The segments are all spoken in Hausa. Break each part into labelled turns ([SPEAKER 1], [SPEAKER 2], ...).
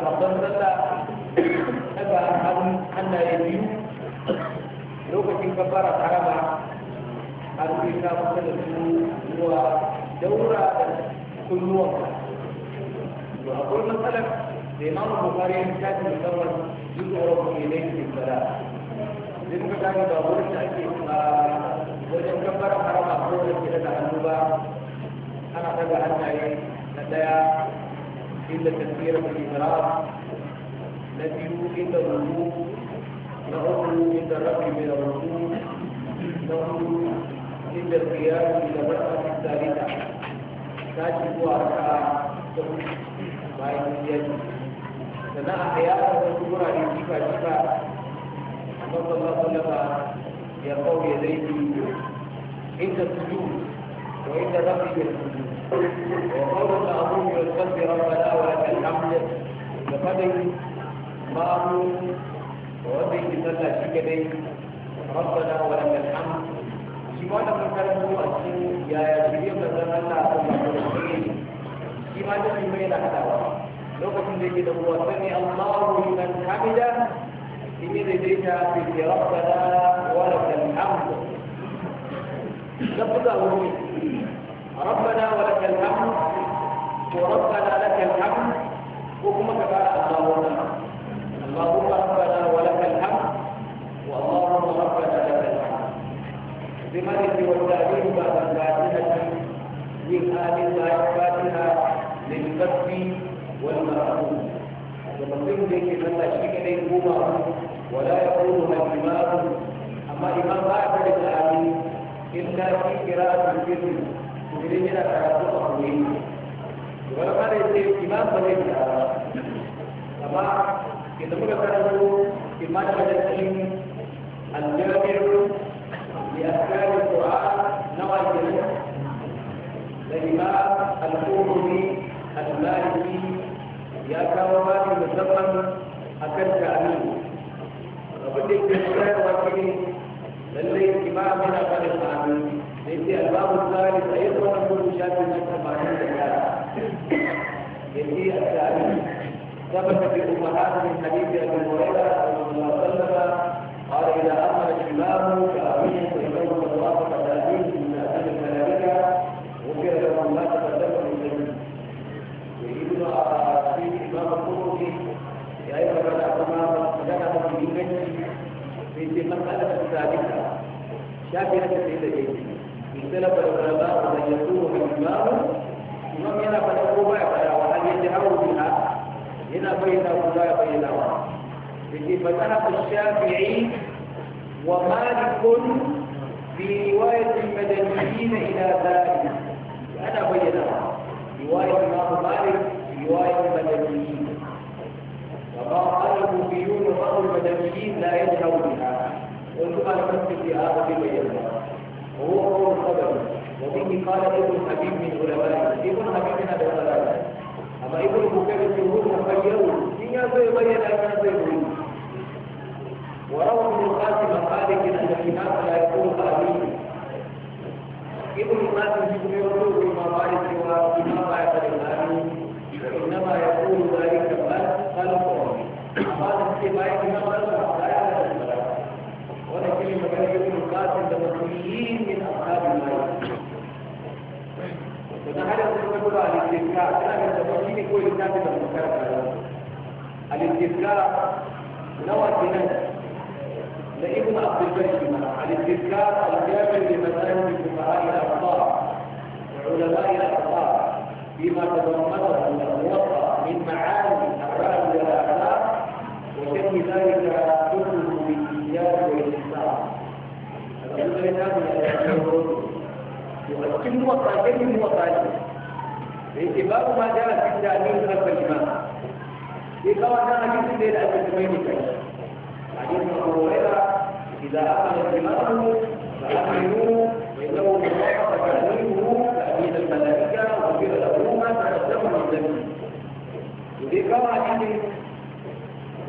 [SPEAKER 1] sahabban sallah daga hannun hannaye biyu lokacin kafara harama har sai ka kusa da su zuwa daura da kunnuwan to akwai matsalar da imamu bukari ya tafi musamman duk da wani mai laifin muka ba wurin da ake a wajen kafara harama ko da ke daga hannu ba ana daga hannaye na daya إلا تكبيرة الإحرام التي عند الوجود نعود عند الرب من الوجود نعود عند القيام إلى مرحلة الثالثة تجب وأرقى بعد اليد سنة أحياء تذكر عن جيفا جيفا صلى الله عليه وسلم يقول يديه عند السجود وعند رفع السجود وقول اللهم للقلب ربنا ولك الحمد لقدر مامو ووضعي صلى شكدي ربنا ولك الحمد shi ma da kankanin mu a cikin yaya shirye da zan Allah a kan masu rukuni shi ma da shi mai na hadawa lokacin da yake da kuwa sani Allahu liman hamida in yi daidaita fi rabbana wa lakal hamd
[SPEAKER 2] da buga wuri ربنا ولك الحمد وربنا لك الحمد
[SPEAKER 1] وكما كفى اللهم اللهم ربنا ولك الحمد واللهم ربنا لك الحمد بمرض والتأليف بعد الفاتحة من آل الفاتحة للفتح والمرحوم ومن ذلك من لا شيء لهما ولا يقولها الإمام أما إمام بعد الآمين إلا في قراءة الجن idan yana karatu a koyi wani ma da ce imam ba zai ta amma idan muka karanto imam da majalcin aljami'ar li askari qur'an na wajen imam al-qurani al-maliki ya kawo bani musamman akan ta'amin abin da yake koyarwa shine lallai imam yana bada ta'amin يجي الباب الثالث أيضا نقول شاب من ثمانين رجالا الثالث ثبت في أمهات من حديث أبي هريرة رضي الله عنه قال إذا أمر الإمام كأمين فإنه الله فتأمين تقدم من في في مسألة ثالثة شافية سيدة جيدة اختلف العلماء من يكون الإمام إمام ينا فنقوم بها وهل يجهر بها هنا بينه لا بينه لكي فذهب الشافعي ومالك في رواية المدنيين إلى ذلك أنا بينها رواية الإمام مالك رواية المدنيين وما قال الموفيون بعض المدنيين لا يجهر بها قلت أنا في هذا بينها هو الخبر وبه قال ابن حبيب من علماء ابن حبيب هذا ثلاثة أما ابن بكر الجمهور مخيرون إن يزوي بين أن يزوي
[SPEAKER 2] وروى ابن القاسم مالك أن الكتاب لا يكون قابلين
[SPEAKER 1] ابن القاسم يقول بما مالك وإمام لا يكون وإنما يقول
[SPEAKER 2] تقولوا الاستذكار أنا من تفصيل كل الناس بالمشاركة نوع الجنان لابن عبد البشر الاستذكار الجامع لمذاهب الفقهاء الأخطار
[SPEAKER 1] وعلماء الأخطار فيما تضمنه الموقع من معاني الرأي والأخلاق وشبه ذلك كله بالإيجاب والإنسان الرجل الإنسان يؤكد وقع جميل وقع جميل باعتبار ما جاء في التأمين خلف الإمام في قوانا جاء في أبي الثمين كيف عن أبو إذا أقل الإمام فأقلوا وإنه مصاحة فأقلوا تأمين الملائكة وفير الأبوما فأقلوا من الزمين وفي قوانا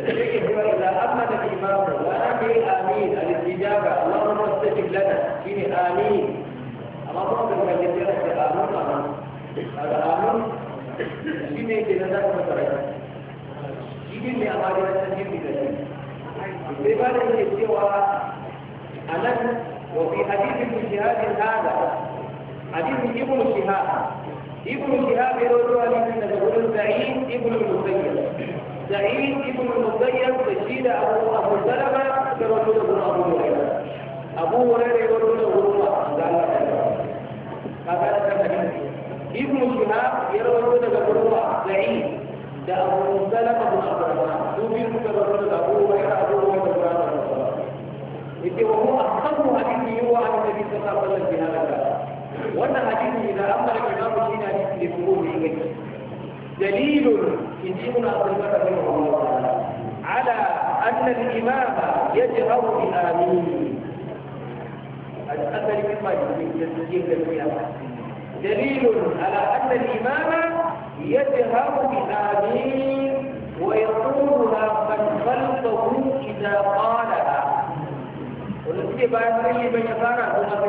[SPEAKER 1] إذا أمن الإمام وأبي آمين الاستجابة اللهم استجب لنا فيه آمين أما ضغط المجلس يرسل آمين al'amun shi ne ke nan zaka masa rai shi ne mai amari na san jirgi da shi sai ba da yake cewa a nan wa fi hadisin min shihadin hada hadisin ibnu shihab ibnu shihab ya rawaito hadisin daga gurin sa'id ibnu musayyib سعيد بن المسيب تشيد أبو أبو سلمة برسول الله أبو هريرة أبو هريرة يقول له الله قال هذا ابن شهاب يروي لك بروى سعيد ده أبو سلمة بن عبد الرحمن سوفي المتبرر أبو هريرة أبو هريرة بن عبد الرحمن إذا هو أحسن حديث يروى عن النبي صلى الله عليه وسلم في هذا الباب وأن حديث إذا أمر الإمام الدين حديث لفروضه دليل يجيبنا أبو رحمه الله تعالى على أن الإمام يجهر بآمين الأثر مما يجب تسجيل الإمام دليل على أن الإمام يجهر بآمين ويقولها من خلفه إذا قالها ونسي بعد أي من يفعل هو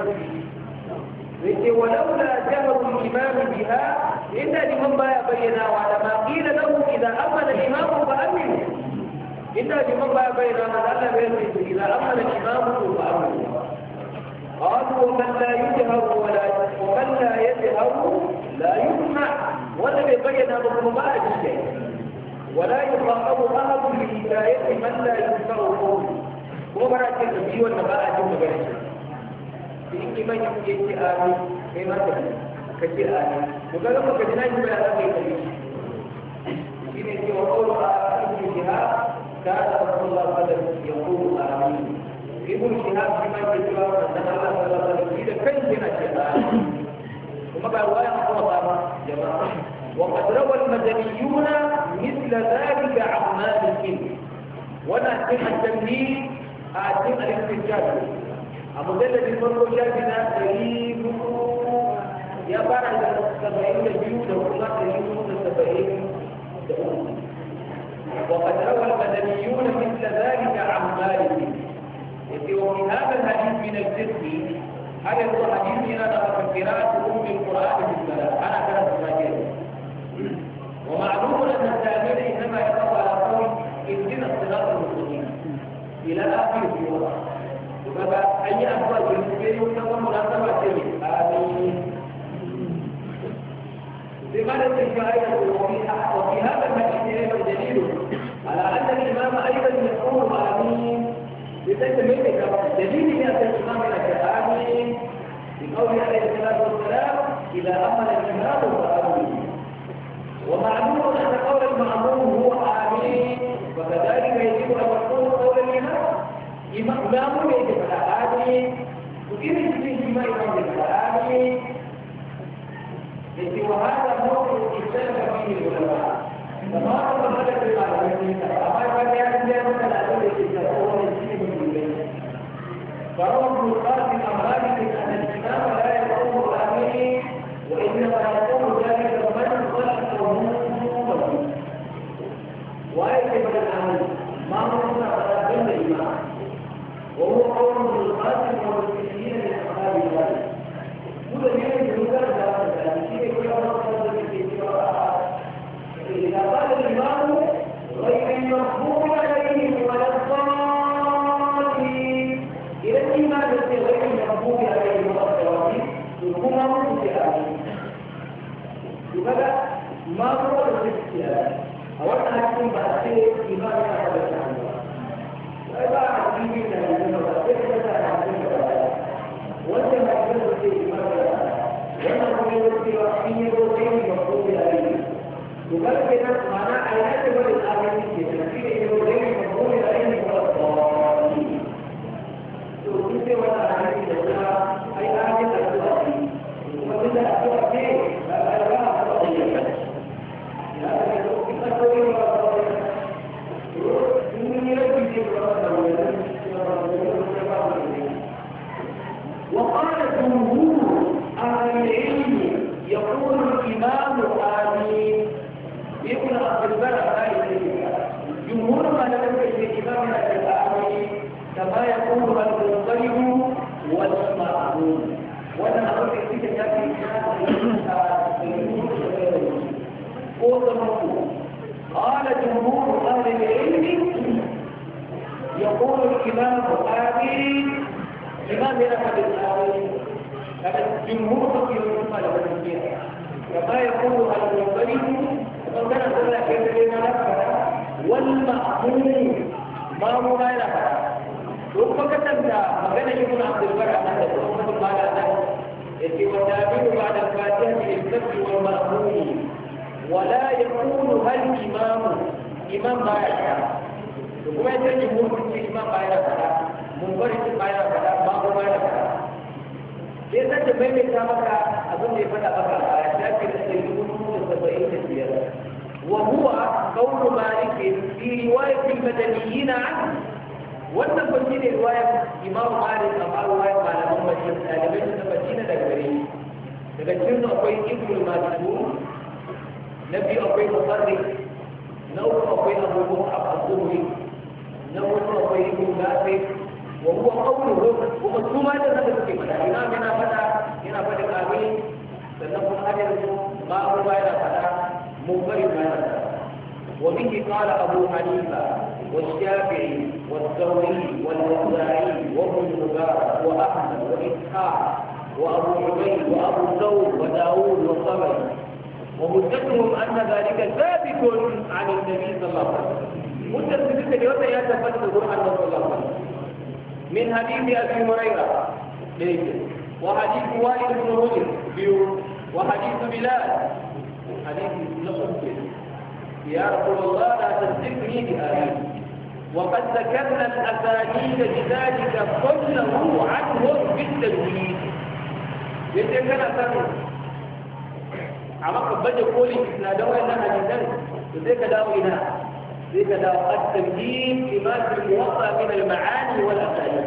[SPEAKER 1] ولولا جهر الإمام بها إلا لمن ما بينا وعلى ما قيل له إذا أمن الإمام فأمنه إلا لمن بايا بينا من ألا بيرمز إذا أمن الإمام فأمنه قالوا من لا يجهر ولا يجهر ولا لا يسمع ولا يبين بكم بعد شيء ولا يخاطب أحد بهداية من لا يسمع قوله وبرك النبي والنباء جمع بين في إيمان يمكن آمين إيمان
[SPEAKER 2] كثير آمين وقال لهم كثيرا يجمع آمين كثير
[SPEAKER 1] وقول آمين بها كان رسول الله صلى الله عليه وسلم يقول آمين ابن شهاب بما يجوى أن الله صلى الله عليه وسلم كان هنا شهاب وقد روى المدنيون مثل ذلك عن مالك وانا اتم التمليك اتم الاستنتاج ابو ذل الذي فرق شافنا قريب
[SPEAKER 2] يا بعد السبعين الجيود والله قريب السبعين وقد روى المدنيون مثل ذلك عن مالك
[SPEAKER 1] وفي هذا الحديث من الجسم har yanzu hadisi yana da mafakiratu ummul qur'ani bil salat ana karanta zakir wa ma'lumun anna al-jami'a inma yaqra'u ala qawl ihdina as-sirat al-mustaqim ila akhir sura
[SPEAKER 2] kaga an yi abuwa da suke yi ta wani munasaba ce ne amin sai ma da ce shi ayyar da wafi haka na shi ne da dalilu ala an da
[SPEAKER 1] imama ayyar da ya kuma amin sai ta ce mai da dalilu ne a kan imama na ke amin القول عليه الصلاة والسلام إذا أمر الإمام فأمره
[SPEAKER 2] ومعلوم أن قول المعمول هو آمين وكذلك يجب أن يكون قول
[SPEAKER 1] الإمام إمام يجب على آمين وكيف يجب ما يجب على آمين وهذا موقف اختلف فيه العلماء فما أمر هذا في العلماء أما كان يعلم مثلا أقول لك فروى ابن القاسم أمراني قول الموضوع قال جمهور أهل العلم يقول الإمام البخاري إمام أحد الآوي هذا جمهور في المقالة والمسيح كما يقول المنطلق فقد وقد كيف لنا والمأمون ما هو ما لها ثم كتب مكان يكون عبد البر أحد الأمة قال له إذ وتابعوا بعد الفاتحة للذكر والمأمون wala ya kunu hal imamu imam baya fada to kuma ya sani mun kurce imam baya fada mun bari shi baya fada ba ko baya fada sai san da maimaita maka abin da ya fada maka a shafi da ɗari hudu da saba'in da biyar وهو قول مالك في رواية wannan ba shi ne riwayar imamu malik amma riwayar malaman madina ɗalibai da daga gare daga cikin akwai ibnu mas'ud نبي أبي مصري نو أبي أبو مرحب الظهري نو أبي أبو وهو قوله وما ثم هذا نبي كما هنا هنا فتا هنا فتا كامل
[SPEAKER 2] فنقول هذا ما هو ما هذا فتا مقبل ما هذا
[SPEAKER 1] وبه قال أبو حنيفة والشافعي والثوري والنسائي وابن مبارك وأحمد وإسحاق وأبو عبيد وأبو ثور وداوود والطبري ومدتهم أن ذلك ثابت عن النبي صلى الله عليه وسلم مدة ستة اليوم يتفسر عن رسول الله صلى الله عليه وسلم من حديث أبي هريرة وحديث وائل بن رجل وحديث بلال حديث لقب يا رسول الله لا تصدقني بهذا وقد ذكرنا الأسانيد لذلك كله عنهم بالتجويد يتكلم amma ka baje koli na da wayannan hadisan to sai ka dawo ina sai ka dawo at-tamjid fi ma fi muwatta min al-ma'ani wal aqali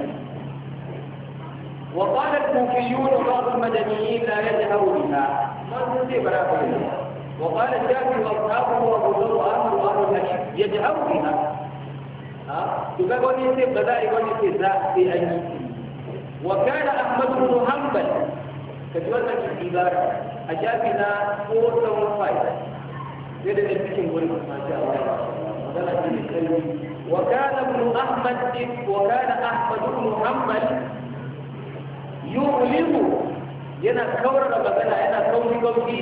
[SPEAKER 1] وقال الكوفيون بعض المدنيين لا يجهر بها ما تنسي براءة وقال الشافعي واصحابه وابو ذر واهل واهل الحديث يجهر بها ها تبقى وني سيب بدائي وني سيب في
[SPEAKER 2] اي وكان احمد بن حنبل
[SPEAKER 1] كجوزك العباره a shafi na 475 sai da ne cikin wurin masha Allah
[SPEAKER 2] magana ce mai kalmi wa kana ibn ahmad wa kana ahmad ibn hanbal
[SPEAKER 1] yulimu yana kaurara magana yana kauri kauri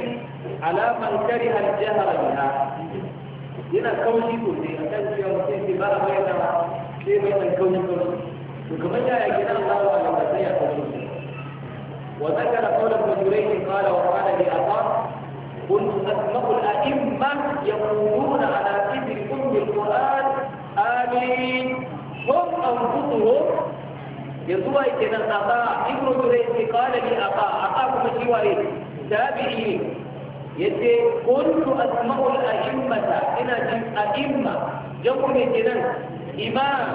[SPEAKER 1] ala man kariha al-jahra biha yana kauri sosai akan cewa mutum ke bara bayyana sai bayyana kauri kauri to kamar yaya gidan Allah wa ya kauri وذكر قول ابن جريج قال وقال لي أطار قلت أسماء الأئمة يقولون على كبر أم القرآن آمين هم أنفسهم يسوع إذا أطاع ابن جريج قال لي أطاع أطاع مسيوري تابعي يتي كنت اسمع الأئمة إن الأئمة جمعي اذا إمام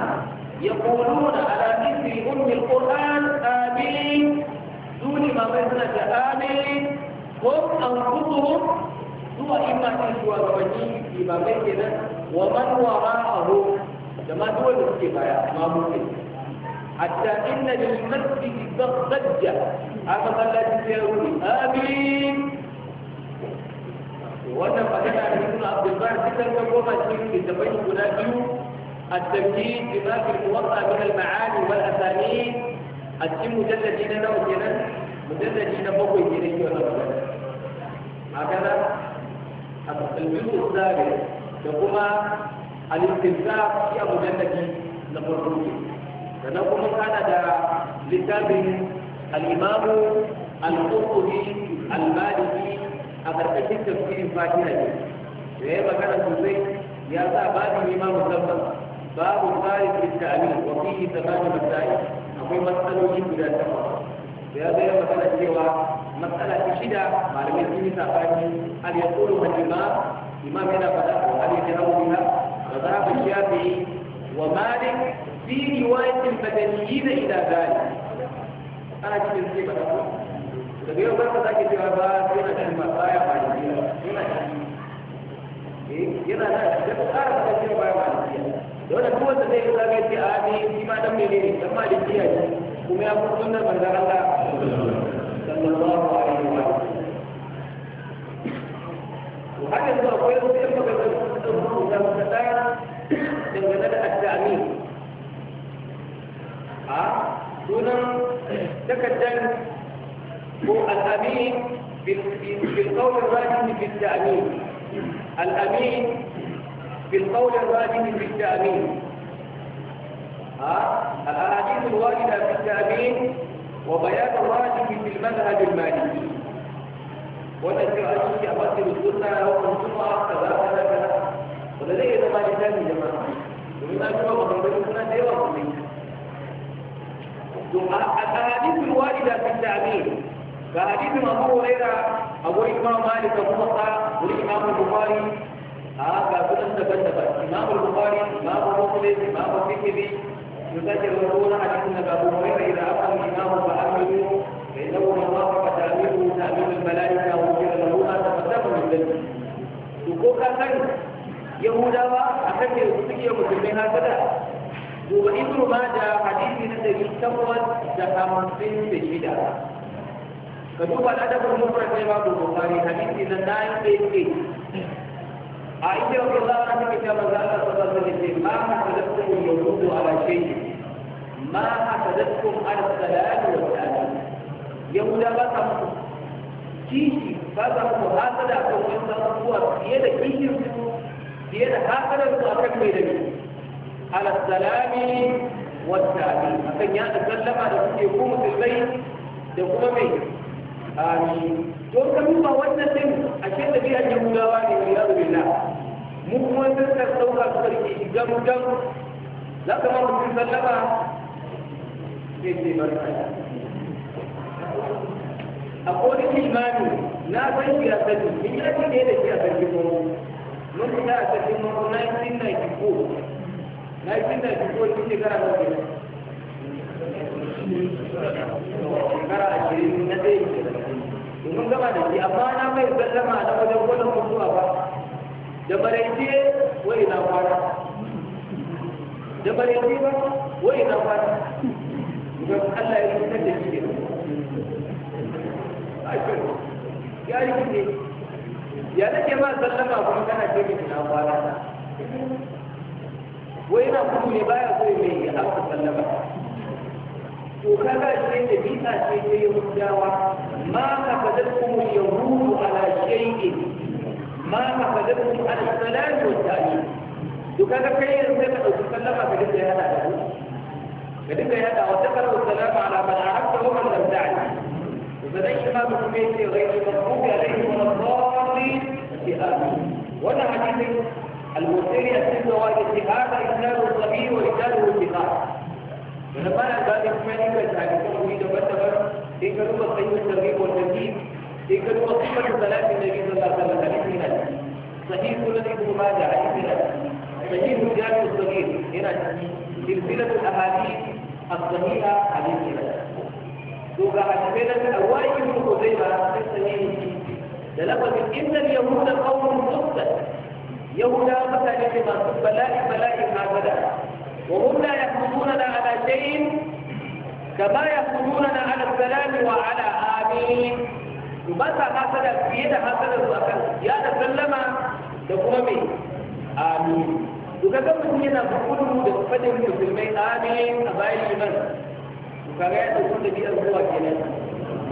[SPEAKER 1] يقولون على كبر أم القرآن آمين دون ما بين آمين هم أنفسهم سوى إما تشوى الرجيم فيما بيننا ومن وراءه كما دول الاستغاية ما ممكن حتى إن للمسجد ضجة أما قال لا تسيرون آمين وأنا فهنا أحيثنا عبد الله سيطر كبير مجيب في بما في من المعاني والأسانيد الجيم مجلد هنا mujalladi na bakwai ne da yau na magana magana a musulmin zabe da kuma alistinsa shi a mujalladi na farko ne sannan kuma kana da littafin al'imamu al-qurtubi al-maliki a karkashin tafsirin fatiha
[SPEAKER 2] ne da ya magana sosai
[SPEAKER 1] ya sa babu ne ma musamman babu tsarin littafin wa fihi sabatu masai akwai matsaloli
[SPEAKER 2] guda takwas da ya zai magana cewa matsala ta shida malamai sun yi sabani al yaqulu wal imam imam yana fada al yaqulu biha wa dhahaba shafi'i
[SPEAKER 1] wa malik fi riwayatil badaniyyin ila dhalik ana cikin sai ba daga yau barka zaki cewa ba sai na cikin masaya ba ne yana cikin eh, yana da ƙara da cikin baya ba ne dole duk wanda zai ga zaka a ne shi ma dan menene dan malikiya ne kuma ya fi sunan manzan Allah sallallahu alaihi wa sallam har yanzu akwai wasu yan maganganu da rubuta masa ɗaya dangane da addami a sunan takaddan ko al'amin بالقول الراجح في التأمين الأمين بالقول الراجح في التأمين الأحاديث الواردة في التأمين وبيان الراجح في المذهب المالكي وذكر أشياء أمثل السنة أو الجمعة كذا كذا ولدي إذا ما لسان جماعة ومما ما مضربين السنة دي الأحاديث الواردة في التأمين كحديث أبو هريرة أبو إمام مالك أبو مصعب والإمام البخاري كابتن كنا نتبنى إمام البخاري إمام مسلم إمام الترمذي يسجل الرسول حديث النبي أبو هريرة إذا أقام الإمام فأمنوا فإنه من وافق تأمينه تأمين الملائكة وغفر له ما تقدم من ذنبه سكوكا كان يهوداوا أكن يسجل مسلمين هكذا duba ibnu maja hadisi na dari takwas da hamsin da shida ka duba al'adabul mufrad na imam bukhari hadisi na 988 عائشة رضي الله عنها كما قال صلى الله عليه وسلم ما حسدتكم اليهود على شيء ما حسدتكم على السلام والسلام يهودا بكم kishi ba za ku hasada a kan wani abubuwa fiye da kishin su fiye da hasadar su a kan mai da ni ala salami wa tabi akan ya da sallama da kuke ku musulmai da kuma mai amin don ka duba wannan din a ce tafiyar yahudawa ne mai yaro bila mu kuma ka sauka su karki gam gam za ka ma mutum sallama sai ce barka a kodi imani na san shi a sani in yi ake ne da shi a sani mu mun fita a 1994 1994 shi shekara na biyu shekara na ɗaya mun gama da shi amma na mai sallama na wajen gudun mutuwa ba da maraice wai na fara da maraice ba wai na fara
[SPEAKER 2] don Allah ya fitar da shi ya
[SPEAKER 1] yi ne ya nake ma sallama kuma kana ce mini na kwana wai na kuma ne baya so mai ya haka sallama وكذا شيء بيئة شيء يهوداوة ما أخذتكم اليهود على شيء ما أخذتكم على السلام والتعليم وكذا كيف تتكلم بجد هذا بجد هذا وتقرأ السلام على من عرفت ومن لم تعرف وبدأت ما بسميت غير المغضوب عليهم ولا الضالين في آمين وأنا حديث المسيري أسلم واجد هذا إسلام na baya ba da kuma nika shafi kan wuri daban-daban sai ka duba sai ka sarri ko tafi sai ka duba kuma da salatin da bi sallah sallah hadisi na sahih sunan ibnu majah hadisi na sahih jami'u sahih yana silsilatu ahadith as-sahiha hadisi na to ga hadisi na da wai ibnu qudayba sai sahih da lafazin innal yahuda qawmun muqtad yahuda mutane ne masu bala'i bala'i ma bada وهم لا يخرجوننا على شيء كما يخرجوننا على السلام وعلى امين بس حسد في يد حسد الزكاه يا سلمى تقومي
[SPEAKER 2] امين
[SPEAKER 1] duka ga mutum yana fukudu da fadin musulmai amin a bayan liman
[SPEAKER 2] su kare da sun da biyar zuwa kenan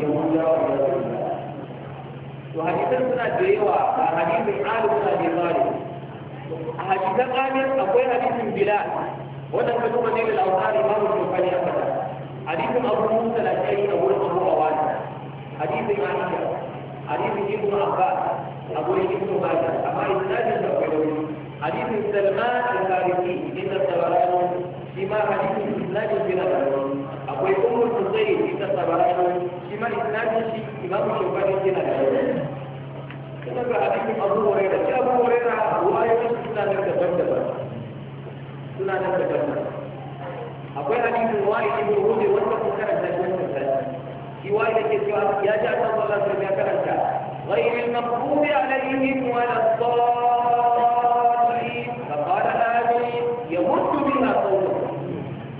[SPEAKER 2] ya wuce wa ya zuwa to hadisan suna da yawa a hadisin alu suna da yawa a hadisan
[SPEAKER 1] amin akwai hadisin bilal wannan ka duba ne da alƙari ba mu tofa ne a fada hadisin abu musa na kai a wurin abu awani hadisin aisha hadisin ibn abbas a wurin ibn majah amma isnadin da akwai rauni hadisin salman al-farisi inda tabarano shi ma hadisin isnadin bin al-rauni akwai ummu tusayd inda tabarano shi ma isnadin shi imamu shawkani yana da rauni
[SPEAKER 2] kuma ga hadisin abu hurairah shi abu hurairah ruwayoyin suna da daban-daban suna da daban akwai hadisin wani ibn rubi wanda kun karanta shi wannan shi wani yake cewa ya ji Allah sallallahu alaihi wasallam ya karanta
[SPEAKER 1] ghayril maghdubi alaihim wa ad-dallin faqala amin yamut biha qawlu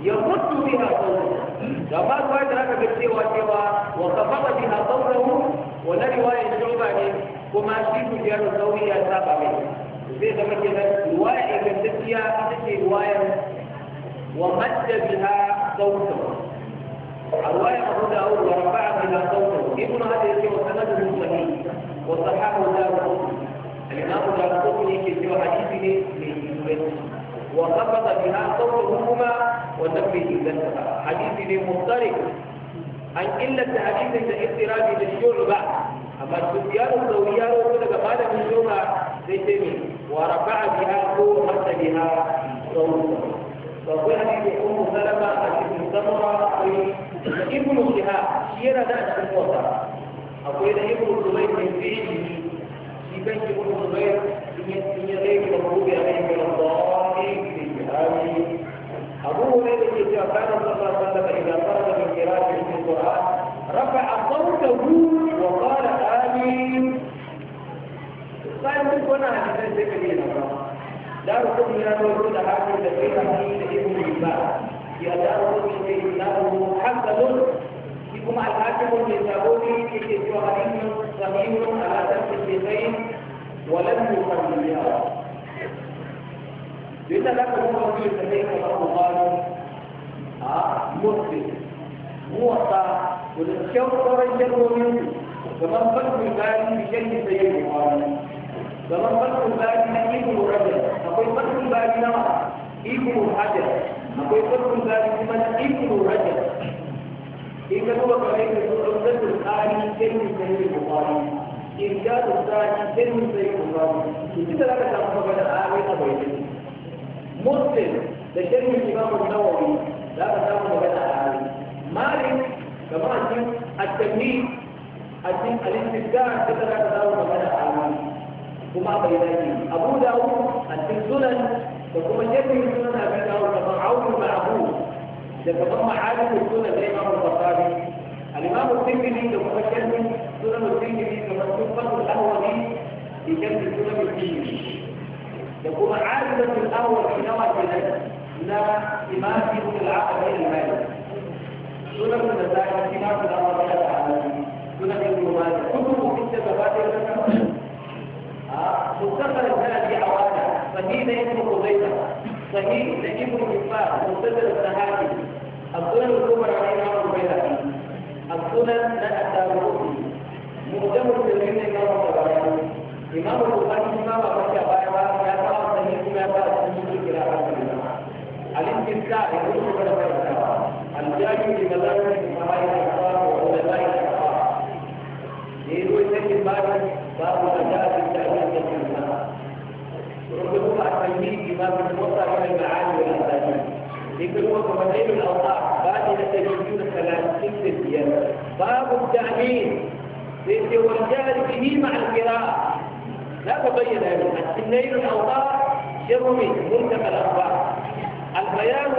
[SPEAKER 1] yamut biha qawlu da ba da aka ga cewa cewa wa biha qawluhu wa la riwaya ne kuma shi ku ya rawi ya saba mai zai zama kenan ومد بها صوته الرواية أبو أول ورفع بها صوته ابن هذا يسير وسنده صحيح وصححه داود الإمام داود في حديثه لإسماعيل وخفض بها صوتهما ونبه لها حديث مضطرب عن إلا حديث الاضطراب للشعبة أما السفيان الثوري يقول لك قال من شعبة ليس ورفع بها صوته ومد بها صوته وقعت أم سلمة ابن سمرة ابن شهاب شيرا دعت الموتى أقول إيه ابن الزبير من فيه في بيت ابن الزبير من يديه المغلوب عليه من في الضالين أبو هريرة إذا كان صلى الله عليه وسلم إذا فرغ من قراءة القرآن رفع صوته وقال آمين. قال كنت أنا هذا الشيء دار قطني لا يوجد هذه الذين هي لابن الباب في دار قطني انه محمد يكون الحاكم للزابوني في كتب غنيم صغير على ترك الشيخين ولم يصليا لذا لا تكون رجل الشيخين فقد قالوا مسلم موصى وللشوق رجل منه فمن فتح الباب بشيء سيد القانون zaman fatul bari na ikon hajar akwai fatul bari na ikon hajar akwai fatul bari kuma na ikon hajar in ka duba kamar yadda su ɗaukar tsari sai mun sayi bukari in ka da tsari sai mun sayi bukari to duka za ka samu magana ayoyi a bayyane muslim da shirin imamun nawawi za ka samu magana a ayoyi malik kamar a cikin at-tamyiz a cikin al-istidkar duka za ka samu magana a ayoyi وما بيناتي أبو داود السنن وكما جميع السنن أبي داود تضعون المعبود يتضم عالم السنن الإمام البخاري الإمام الترمذي وكما جميع سنن الترمذي كما تنفذ الأولي في جمع سنن الترمذي وكما عالم الأول في نوع الجنة لا إمام ابن العقل المالي سنن النسائي في نوع الأول لا تعلم سنن ابن مالك كتب مستقبل الثلاث أوانا صحيح لابن قبيلة صحيح لابن كفار مستقبل الثلاث السنن الكبر علينا إمام البيهقي السنن لا الدارقطني مهتم بالعلم إمام الطبراني إمام البخاري إمام أبو شعبان يا ترى صحيح يا ترى صحيح كلا الاستمتاع بالرسل والبركات الجاي في مدارس السماء الأخبار وعلماء الأخبار يروي سيد باب باب مجال التأمين
[SPEAKER 2] يربطون التلميذ بما تتوصل الى المعاني والاساليب يكتبون تفاصيل الاوضاع بعد ان تجدون
[SPEAKER 1] ثلاثين سنتيا باب التامين والجهل به مع القراءه لا تبين السنين الاوضاع شر من منتقى الاخبار البيان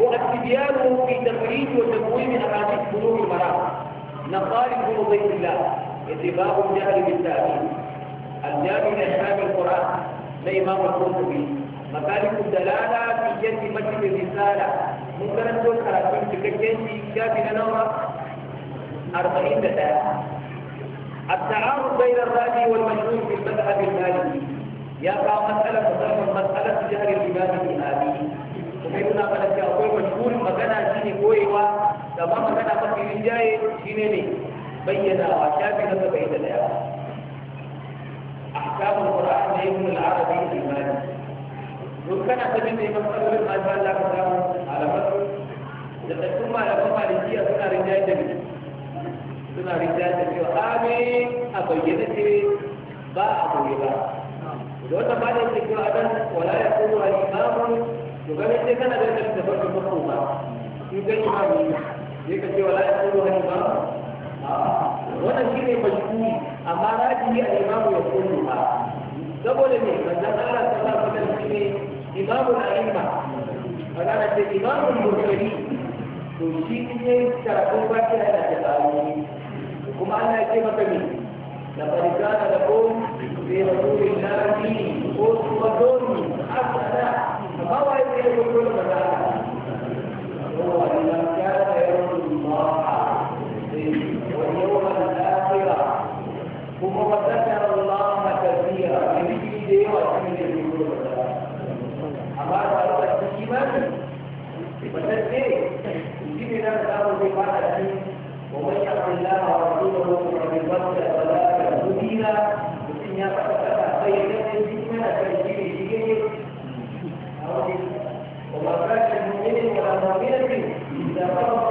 [SPEAKER 1] والتبيان في تفريج وتقويم احاديث بلوغ المرام نقال بن ضيف الله اتباع الجهل بالتامين الجامع لاحكام القران لإمام القرطبي مكارم الدلالة في جنب مسجد الرسالة ممكن أن تكون في تكتين في كتاب نورة أربعين دلالة التعارض بين الرأي والمشهور في المذهب المالكي قام مسألة مسألة مسألة جهل الإمام الإمامي ومننا فلك أقول مشهور مكانا شيني و تمام مكانا قد يجاي شيني بينا وشافي بين دلالة أحكام القرآن لابن العربي المالي دول كان سبيل إمام أول ما شاء الله كتابه على مصر
[SPEAKER 2] لتكتم على مالكية سنة رجال جميل suna rija da cewa kame a bayyana
[SPEAKER 1] ce ba a koyi ba da wata ba da yake cewa dan wala ya kuma wani imamun to ga ne kana da ne ka ce amma rajihi a imamu ya kullu ba saboda ne manzon Allah sallallahu alaihi wasallam shine imamu al-a'imma magana ce imamu al to shi ne yayi karatun baki da tsari kuma Allah ya ce maka ne لقد كان لكم في رسول الله أسوة حسنة فما وعد يقول كل مكان هو إذا wannan ne shi ne na da zai fara da shi wa man yaqul Allah wa rasuluhu wa man yaqul Allah wa rasuluhu mutum ya faɗa kaza sai ya ga shi yana kan shi ne shi ne a wani wa ma kana mu'minin wa mu'minatin da ba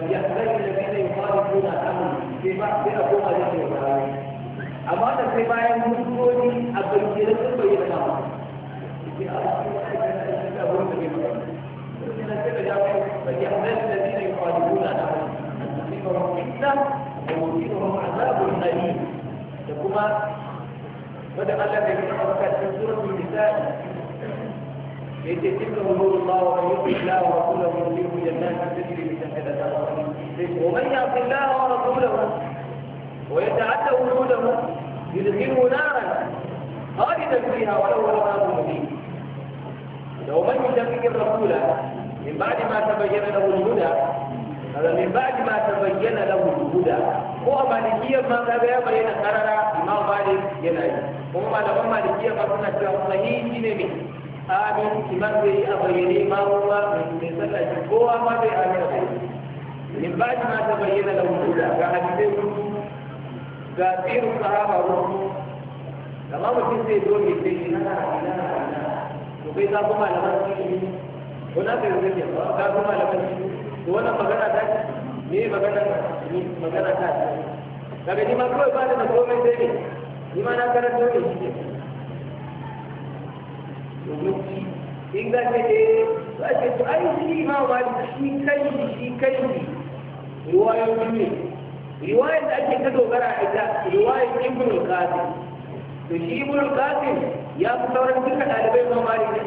[SPEAKER 1] فليحذر الذين يخالفون امره في بعض اقوم عليه وسلم اما da sai bayan mutuwoyi a bayyana sun bayyana ba ke a عذاب اليم da kuma wadda Allah bai kuma يجي تلك نور الله ومن يطع الله ورسوله يدخله جنات تجري من تحتها الانهار ومن يعص الله ورسوله
[SPEAKER 2] ويتعدى وجوده
[SPEAKER 1] يدخله نارا خالدا فيها ولو عذاب مهين ومن من الرسول من بعد ما تبين له الهدى هذا من بعد ما تبين له الهدى هو مالكية ما تبين بين قرر إمام مالك ينعي هم مالكية ما كنا في الصحيح amin iman zai yi a bayyane ma kuma mai sallah shi kowa ma zai amin a min ba ma ta bayyana da wuta ga hadisai wutu ga tsirin sahaba wutu kamar mutum zai zo mai sai shi na na na to kai za kuma malaman shi ne ko na kai zai ba ka kuma malaman shi to wannan magana ta ne magana ne magana ta ce daga ni ma kawai ba da komai sai ne ni ma na karanta ne shi ne domin in ga ce ne za ce to ai shi ma ba shi kai shi kai riwayoyi ne riwayar da ake ta dogara a ita riwayar ibn qasim to shi ibn qasim ya fi sauran duka ɗalibai ma malik ne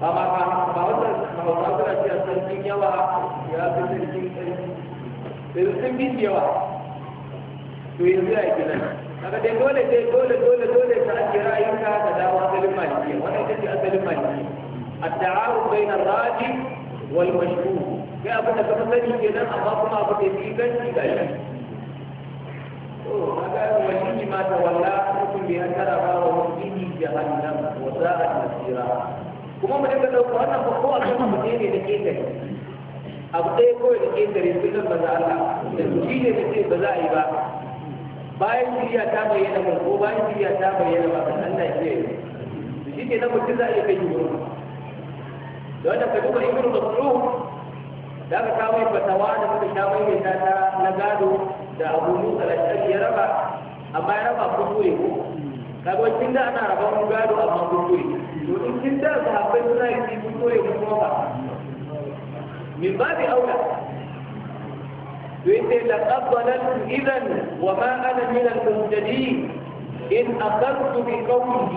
[SPEAKER 1] ba ma ba ba wata ba wata suna cewa sarkin yawa ya fi sarkin sarki da sun bi yawa to yanzu ya yi gina daga dai dole dai dole dole dole ka ake ra'ayinka ka dawo asalin maliki wannan ita ce asalin maliki at-ta'aruf bayna ar-raji wal mashhur kai abin da kafa sani kenan amma kuma abin da yake ganci ga shi to kaga wani ma ta walla hukum bi an tara ba wa mutihi jahannam wa sa'at masira kuma mu dinga dauka wannan ba ko a abin mu ne da ke gari abu ɗaya kawai da ke gari sunan maza Allah da shi ne da ce ba za a yi ba bayan shirya ta bayyana ba ko bayan shirya ta bayyana ba kan Allah ya yi shi ke na mutum za a iya kai yi da wanda ka duba ibnu mas'ud da ka kawo fatawa da muka sha mai mai ta na gado da abu mu da ya raba amma ya raba kuskure ko kaga kin da ana rabon gado amma kuskure to in kin da sahabbai suna yi kuskure kuma ba min babi aula يقول لقد ضللت إذا وما أنا من المهتدين إن أخذت بقوله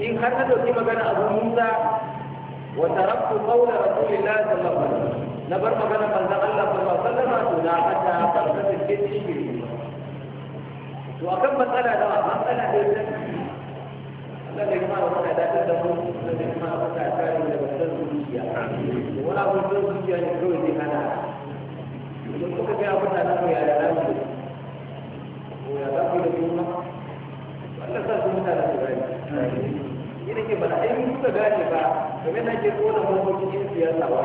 [SPEAKER 1] إن خلت كما كان أبو موسى وتركت قول رسول الله صلى الله عليه وسلم نبر ما كان قال الله صلى الله عليه وسلم تناقشها قصة الكتب وكم مسألة لا مسألة
[SPEAKER 2] الذي ما وقع ذات الدم
[SPEAKER 1] الذي ما وقع ذات الدم ولا هو الدم يعني هذا
[SPEAKER 2] idan kuka ga mutane ko ya da ne. ko ya da ku da kuma Allah sa su mutane su gani ni nake ba da ainihin kuka gane ba kamar na ke kona motocin cikin siyasa ba.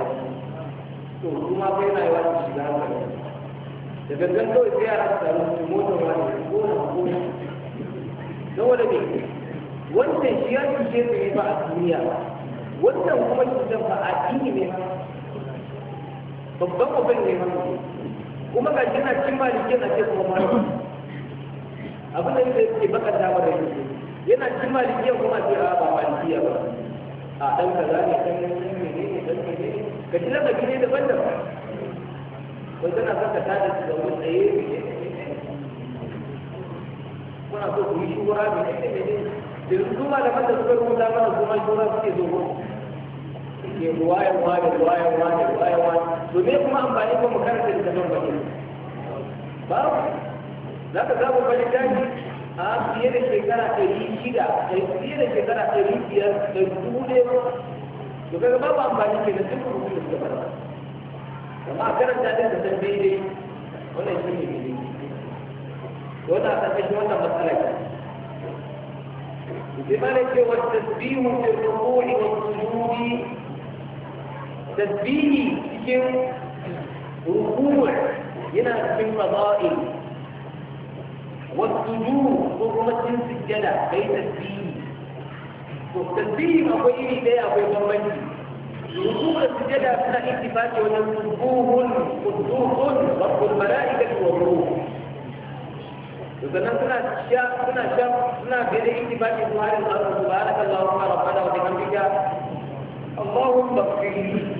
[SPEAKER 2] to kuma kai na yi wani shiga hankali da gangan kawai sai yara su taru su mota ko kona kona
[SPEAKER 1] saboda ne. wannan shi ya cuce su yi ba a duniya wannan kuma cutar ba a ne ba babban abin ne wannan kuma ga shi na cin maliki na ke kuma maliki abin da yake baka da mara yake yana cin maliki ya kuma ce ba maliki ya ba a dan za ne dan menene dan ne ka ji daga gine da daban wai tana zaka ta da su zaune tsaye kuna so ku yi shura ne ne ne da yanzu malaman da suka rubuta mana kuma shura suke zo ke ruwayan wani ruwayan wani ruwayan domin kuma amfani ko mu karanta da zaman bane ba za ka samu bane dani a fiye da shekara ɗari shida fiye da shekara ɗari biyar da dubu ɗaya to kaga babu amfani ke da duk rubutu da suka fara amma a karanta da ta san daidai wannan shi ne daidai to wannan a ƙarƙashin wannan matsala ke sai ma ne ce wa tasbihu fi ruku'i wa sujudi tasbihi يمكن وقوع هنا في المضائل والسجود قرمة سجلة بين الدين والتنبيه أو إيه إيه أو إيه مرمجي وقوع السجلة أثناء اتفاق ونسبوه قدوح رب الملائكة والروح وكنا كنا شاب كنا شاب كنا بيدي اتفاق الله سبحانه وتعالى اللهم ربنا وبحمدك
[SPEAKER 2] اللهم
[SPEAKER 1] اغفر لي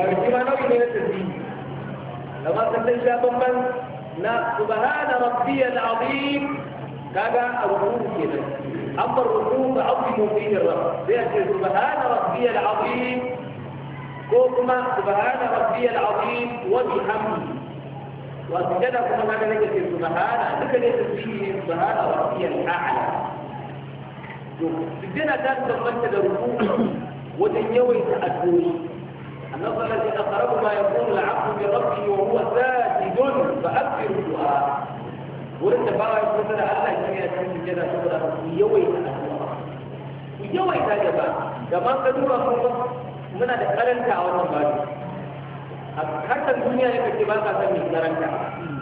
[SPEAKER 1] kaga shi ma nau'i ne na tasbihi amma sannan ya bamban na subhana rabbiyal azim kaga al-ruku kenan amma ruku ba azimu fihi rabb sai a ce subhana rabbiyal azim ko kuma subhana rabbiyal azim wa bihamdi wa sujada kuma kaga nake ce subhana duka ne tasbihi ne subhana rabbiyal a'la to sujada ta tabbata da ruku wajen yawaita addu'o'i النظر الذي أقرب ما يكون العبد بربه وهو ساجد فأكثر الدعاء ورد بقى يقول لنا الله يسمي يسمي كده شغل ويوي ويوي ده جماعة كمان كدورة صوبة muna da karanta a wannan babu a harkar duniya ne kake ba ka san mai karanta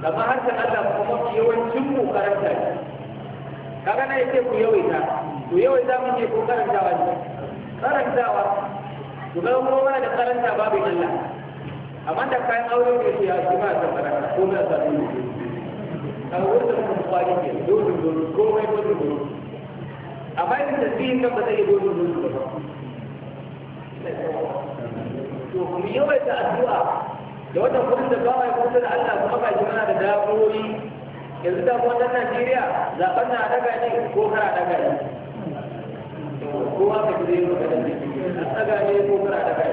[SPEAKER 1] amma harkar Allah kuma mafi yawancin mu karanta ne kaga na yake ku yawaita ku yawaita mu ne ko karantawa ne karantawa to ga kuma mana da karanta babu illa amma da kayan aure ne su ya su ba ta karanta ko na sa ne kan wanda mun kwari ne dole dole ko mai dole dole amma in da zai kan ba zai dole dole ba
[SPEAKER 2] to mu yawaita addu'a da wata kudin da ba ya kusa da Allah kuma ga jimana da
[SPEAKER 1] damuwoyi yanzu kuma nan Najeriya zaɓen na daga ne ko kara daga ne kowa ka ji zai maka da jiki a tsaga ne ko kara da kai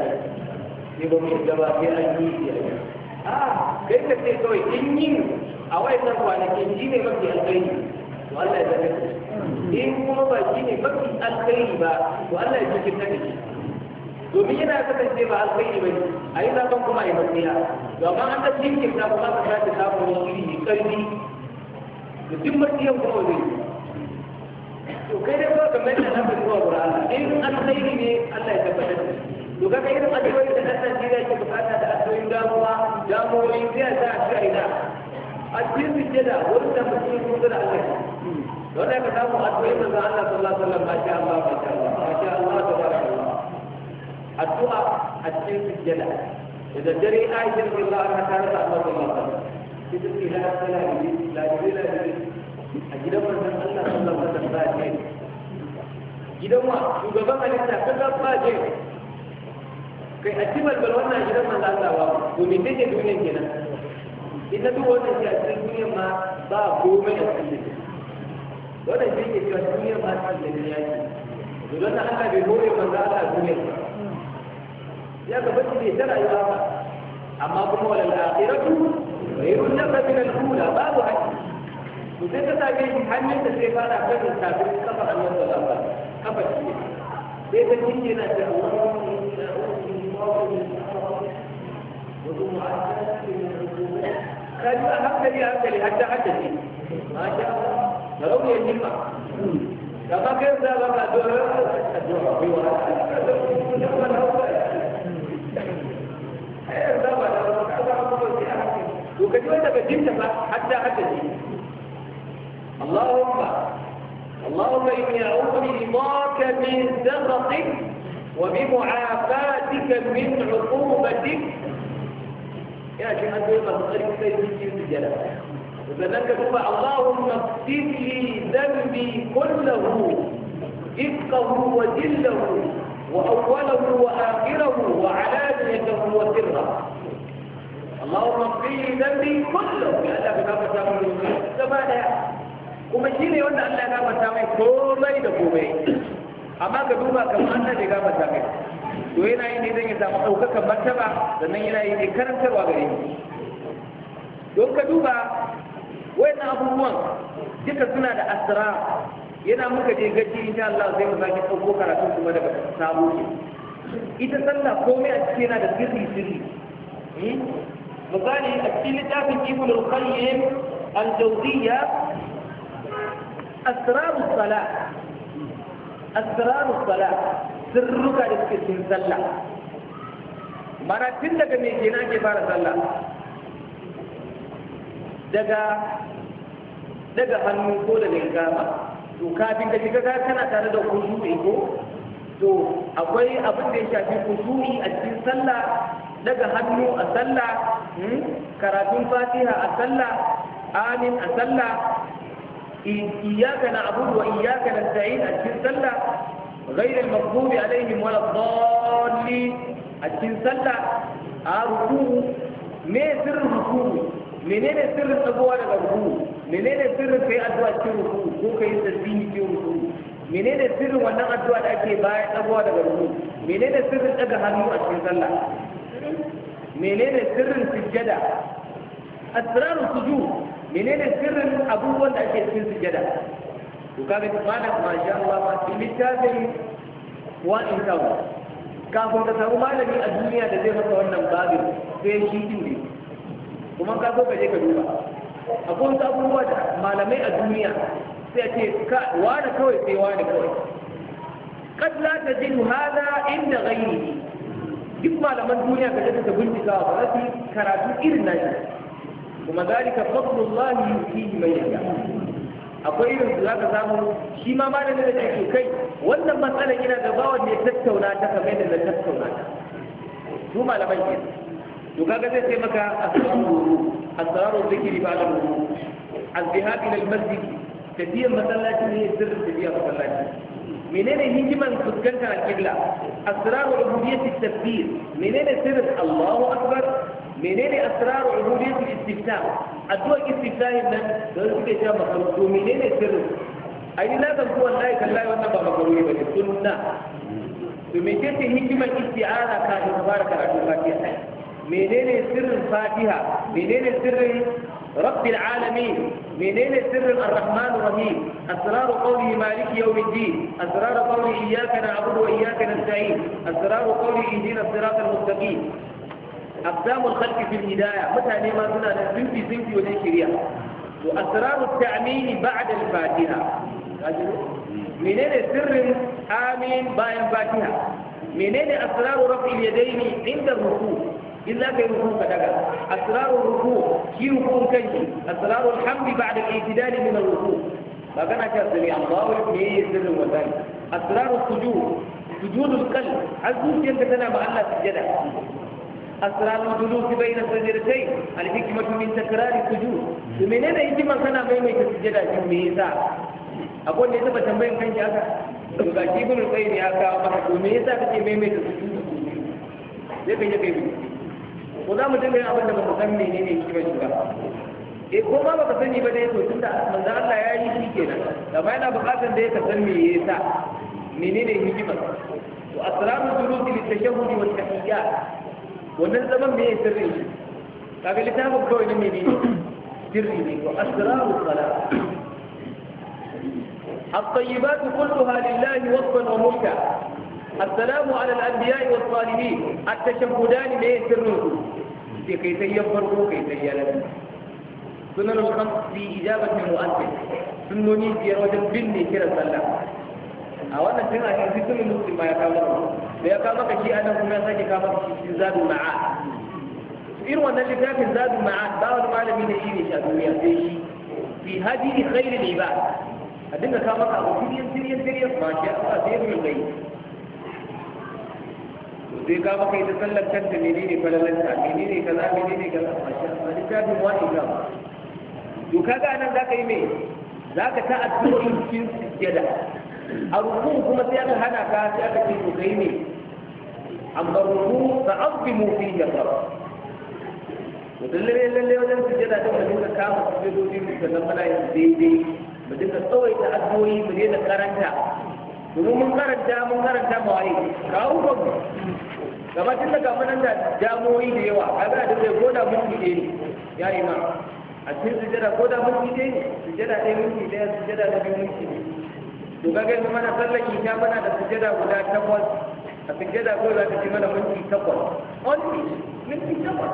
[SPEAKER 1] sai ba mu yadda ba sai an yi shi a ah, kai ka ce kawai in yin a wayannan kwanakin shi ne mafi alkhairi to Allah ya zaka in kuma ba shi ne mafi alkhairi ba to Allah ya cikin ta shi domin yana kasance ba alkhairi ba a yi zaɓen kuma a yi matsaya to amma an ta cikin ta kuma ka sake samun wani shiri ƙarfi mutum matsiyan kuma zai
[SPEAKER 2] to kai dai kawai kamar yadda na fi zuwa wurin Allah in alkhairi ne Allah ya tabbatar
[SPEAKER 1] to kaga irin addu'o'i da Allah ji da yake bukata da addu'o'in damuwa damuwoyi sai ya sa a cikin ina a cikin sujjada wani da mutum ya kuma da Allah don haka samu addu'o'in da Allah sallallahu alaihi wasallam masha Allah masha Allah masha Allah tabarakallah addu'a a cikin sujjada إذا جري آية من الله تعالى أمر الله لا إله إلا الله لا إله إلا الله a gidan manzon Allah sallallahu alaihi gidan wa shugaban halitta baje. kai a wannan gidan Allah ba kenan in na duk wannan ma ba komai a cikin wannan shi ke cewa ma ta da duniya ce don Allah bai hore Allah ya ga bace ba amma kuma walal akhiratu min al-ula babu hakki to sai ka same shi hannun da sai fara kan tafin kafa Allah da Allah kafa shi sai ta cinye na da kaji
[SPEAKER 2] a hankali a hankali har ta haddace masha Allah da rauniyar nima da ba kai za ba ka dora a dora wa da ba na hauka ai za ba da hauka za ba ko sai a hankali to kaji wanda ba jinta ba har ta haddace اللهم
[SPEAKER 1] اللهم إني أعوذ برضاك من سخطك وبمعافاتك من عقوبتك يا شيخ أنت يوم تقريب سيدي في الجلال وبذلك تقول اللهم اغفر لي ذنبي كله دقه وجله وأوله وآخره وعلانيته وسره اللهم اغفر لي ذنبي كله لأنك ما فتاه من السماء kuma shi ne wanda Allah ya gafarta mai komai da komai amma ka duba kamar Allah ya gafarta mai to yana yi ne zan ya samu ɗaukakan martaba sannan yana yi ne karantarwa gare ni don ka duba wayannan abubuwan duka suna da asira yana muka je gaji insha Allah zai mu zaki ɗauko karatu kuma daga sabo ita sallah komai a cikin yana da sirri sirri hmm? misali a cikin littafin ibn al-qayyim al-jawziyya asrarus sala asrarus sala sirruka da suke sallah mana tun daga mai kenan ake fara sallah daga daga hannu ko da lingama to kafin ka shiga tana tare da kusuri ko to akwai abin da ya shafi kusuri a cikin sallah daga hannu a sallah karatun fatiha a sallah amin a sallah iyaka na'budu wa iyaka nasta'in a cikin sallah ghayr al-maghdub alayhim wa ad-dallin a cikin sallah a ruku me sirr ruku menene sirr tsagowa daga ruku menene sirr kai addu'a cikin ruku ko kai tasbih cikin ruku menene sirr wannan addu'a da ake baya tsagowa daga ruku menene sirr daga hannu a cikin sallah menene sirr sujjada
[SPEAKER 2] asrarus sujud menene sirrin abubuwan da ake cikin
[SPEAKER 1] sujada to kaga ma sha Allah ma littafin wa in tawo kafin ka samu malami a duniya da zai maka wannan babin sai shi din ne kuma ka zo ka je ka duba akwai wasu abubuwa da malamai a duniya sai a ce wani kawai sai wani kawai kad la tajidu hada inda ghairihi duk malaman duniya ka ta bincika ba za su karatu irin nashi kuma zalika fadlullahi yutihi man yasha akwai irin da zaka samu shi ma malamin da yake kai wannan matsalar ina da bawan ne tattauna ta kamar da na tattauna ta su malaman ke to kaga zai sai maka asrarul asrarul zikri ba da mu al ila al-masjid tafiyan masallaci ne sirrin tafiya masallaci menene hikiman fuskantar alƙibla asrarul ubudiyyati tafsir menene sirrin Allahu akbar menene asrarul ubudiyyati istiftah addu'a istiftahin nan don suke cewa makaruto menene sirrin ai ni na san ko wallahi kallahi wannan ba makaruni bane sunna to me ce ce hikimar isti'ara kafin fara karatu fatiha menene sirrin fatiha menene sirrin رب العالمين منين سر الرحمن الرحيم أسرار قوله مالك يوم الدين أسرار قوله إياك نعبد وإياك نستعين أسرار قوله إهدنا الصراط المستقيم أقدام الخلق في الهداية متى ما نعم سنة سنتي سنتي وجه شريعة وأسرار التعميم بعد الفاتحة منين سر آمين باين فاتحة منين أسرار رفع اليدين عند الركوع in Kai ka ka daga asrarul ruku shi rukun kanki asrarul hamdi ba'da al-i'tidal min al-ruku ba ta sirri Allahu ne ya sirri wadani asrarul sujud sujudul qalb har zuciyarka tana ma Allah sujada أسرار الجلوس بين السجدتين الحكمة من تكرار السجود ومن هنا يجي ما كان بين السجدة جميزة أقول لي تبقى تنبين كان جاكا وقال ابن القيم يا كاما وميزة تجي بين السجود يبي يبي ko za mu dinga yin abin da ba mu san mene ne shi ba shi ba eh ko ma baka sani ba dai to tunda manzo Allah ya yi shi kenan da amma yana buƙatar da ka san me yasa menene hikimar to asraru durusi li litashahhud wal tahiyya wannan zaman me yake sirri kaga litafin kawai ne menene sirri ne to asraru salat الطيبات كلها لله وصفا ومشكا السلام على الأنبياء والصالحين التشهدان ليه سرهم في كيفية فرقه كيفية لهم سنن الخمس في إجابة المؤذن سنوني في رجل بني كرة صلى أولا سنة في سنة المسلم ما يكامله ويكامك شيء أنا كما ساكي كامك شيء زاد معاه إن وانا اللي كان زاد معاه باول معلمين إيري شادوية في هذه خير العباد أدنك كامك أبو سيريا سيريا سيريا ما شاء الله سيريا من غيره sai ka maka ita sallar kanta ne falalanta ne kaza menene kaza masha Allah littafin wani ga to kaga za ka yi mai, za ka ta a cikin sujjada a rukun kuma sai aka hana ka sai aka ce to kai ne amma rukun fa mu fi jabr to lalle lalle wajen sujjada da mutum ka kama sujjadodi mu ka zama yin daidai mu dinga tsawaita addu'o'i mu daina karanta domin mun karanta mun karanta mawaye kawo ba gama tun daga munan da damuwoyi da yawa kaga da zai goda mun ne ya yi ma a cikin sujada goda mun ne sujada ɗaya mun ɗaya sujada da biyu mun ne to kaga yanzu mana sallaki ta mana da sujada guda takwas a sujada ko za ta ci mana minti takwas
[SPEAKER 2] only minti takwas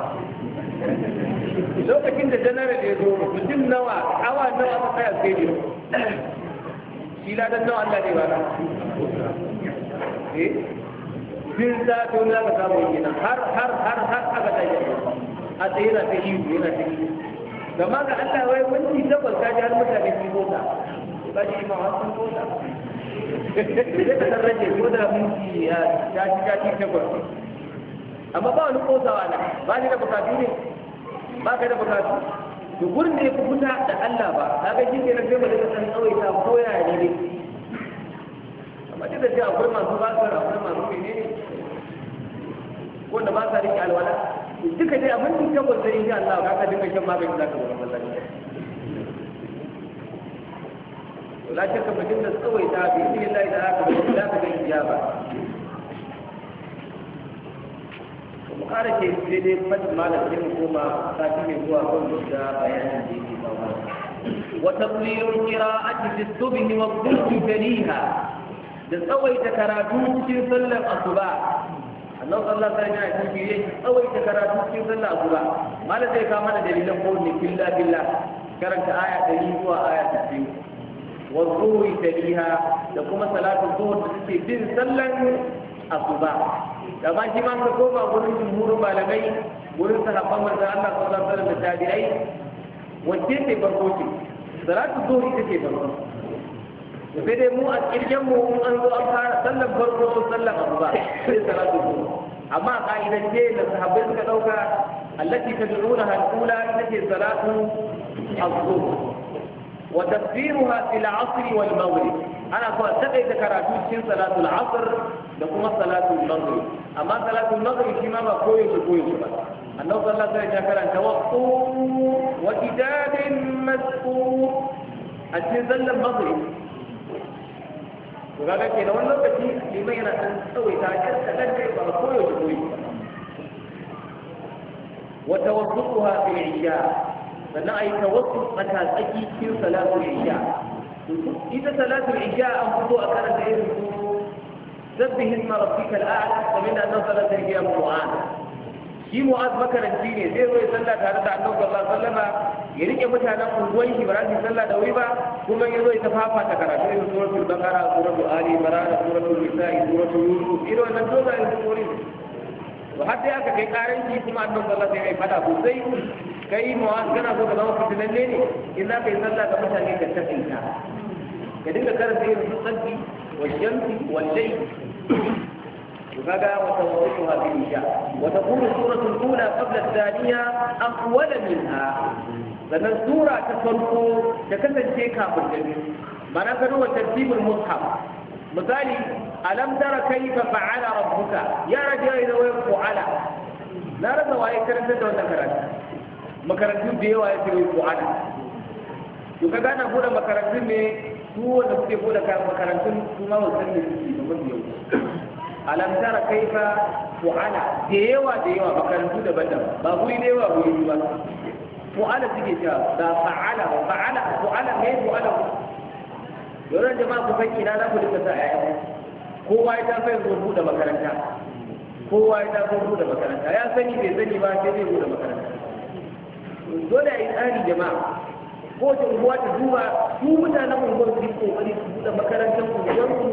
[SPEAKER 1] lokacin da janar da ya zo mutum nawa awa nawa ta tsaya sai ne shi ladan nawa Allah ne ba na bin ta wani zaka samu yana har har har har aka tashi
[SPEAKER 2] a tsaye yana ta iyo
[SPEAKER 1] yana ta iyo gama ga Allah wai wani tabbas ta ji har mutane sun mota
[SPEAKER 2] ba shi ma sun mota da ka san rage ko da minti ya tashi ta
[SPEAKER 1] tabbas amma ba wani kosawa na ba ni da bukatu ne ba ka da bukatu to gurin da ya fi kusa da Allah ba ka ga shi kenan sai mu da san tsawaita koya ne wajen da ce akwai masu basar akwai masu menene wanda ba sa rike alwala duka dai abin da tabbas sai insha Allah ka ka dinga shan magani zaka zama masallaci la shakka mutum da tsawai ta bi idin Allah da aka ba za ka ga ijaba mu kara ke sai dai fat malam sai mu koma sati mai zuwa kan da bayanin da yake kawo وتقليل القراءة في الصبح والظهر كريها da tsawaita karatu cikin sallar asuba Allah sallallahu alaihi wasallam ya ce yake tsawaita karatu cikin sallar asuba malam zai ka mana dalilan ko ne billa billa karanta aya yi zuwa aya 60 wa zuwi taliha da kuma salatu zuwa da suke bin sallar asuba da ba shi ma ka koma gurin jumhurin malamai gurin sahabban manzon Allah sallallahu alaihi wasallam da tabi'ai wacce ce farko ce salatu zuwa ita ce farko sai dai mu a kirgen mu in an zo an fara sallan farko sun sallan abu ba sai salatu su amma ka'idance da sahabbai suka dauka allati tad'una al-ula take salatu az-zuhr wa tafsiruha ila asr wal maghrib ana so a takaita karatu cikin salatu al-asr da kuma salatu al-maghrib amma salatu al-maghrib shi ma ba koyo shi koyo shi ba annabi sallallahu alaihi wasallam ya karanta waqtu wa kitabin masqur a cikin sallan maghrib to kaga ke da wani lokaci liman yana ɗan tsawaita kan kaɗan kai ba ko yau da wuri wa tawassuha bil isha sannan ai tawassu tsaka tsaki cikin salatul isha ita salatul isha an fito a karan da irin su sabbihi isma rabbika al-a'la kamar da annabi sallallahu alaihi wasallam ya mu'ana shi mu'az makaranci ne zai zo ya sallah tare da annabi sallallahu alaihi wasallam ya rike mutanen unguwar shi ba za sallah da wuri ba kuma ya zo ya tafafa ta karatu irin suratul baqara suratul ali imran suratul nisa'i suratul yusuf irin wannan dole ne suratul to har dai aka kai karanci kuma annabi sallallahu alaihi wasallam ya fada sosai kai mu'az kana so ka zama fitinalle ne in za ka yi sallah da mutane ka tafi ka dinga karanta irin su tsanki wa shamsi wa layl وكذا وتوضيحها بالنساء وتكون السورة الأولى قبل الثانية أطول منها فمن سورة تفرق تكسر شيء كافر جميل ما نقول ترتيب المصحف مثالي ألم تر كيف فعل ربك يا رجاء إذا ويبقوا على لا رضا وهي كرنت دون كرنت makarantun da yawa ya ce wai Qur'ana to kaga ana bude makarantun ne su wanda suke bude makarantun su ma wasan ne su ba mafi yau alam tara kaifa fu'ala da yawa da yawa makarantu daban-daban ba guri da yawa guri ba fu'ala suke cewa da fa'ala fa'ala fu'ala mai fu'ala da jama'a ku fanki na ku duka sa ayyan kowa ya tafi zo buɗe makaranta kowa ya tafi buɗe makaranta ya sani bai sani ba sai zai buɗe makaranta dole a yi tsari jama'a ko ta unguwa ta duba su mutanen unguwar su yi kokari su buɗe makarantar unguwar su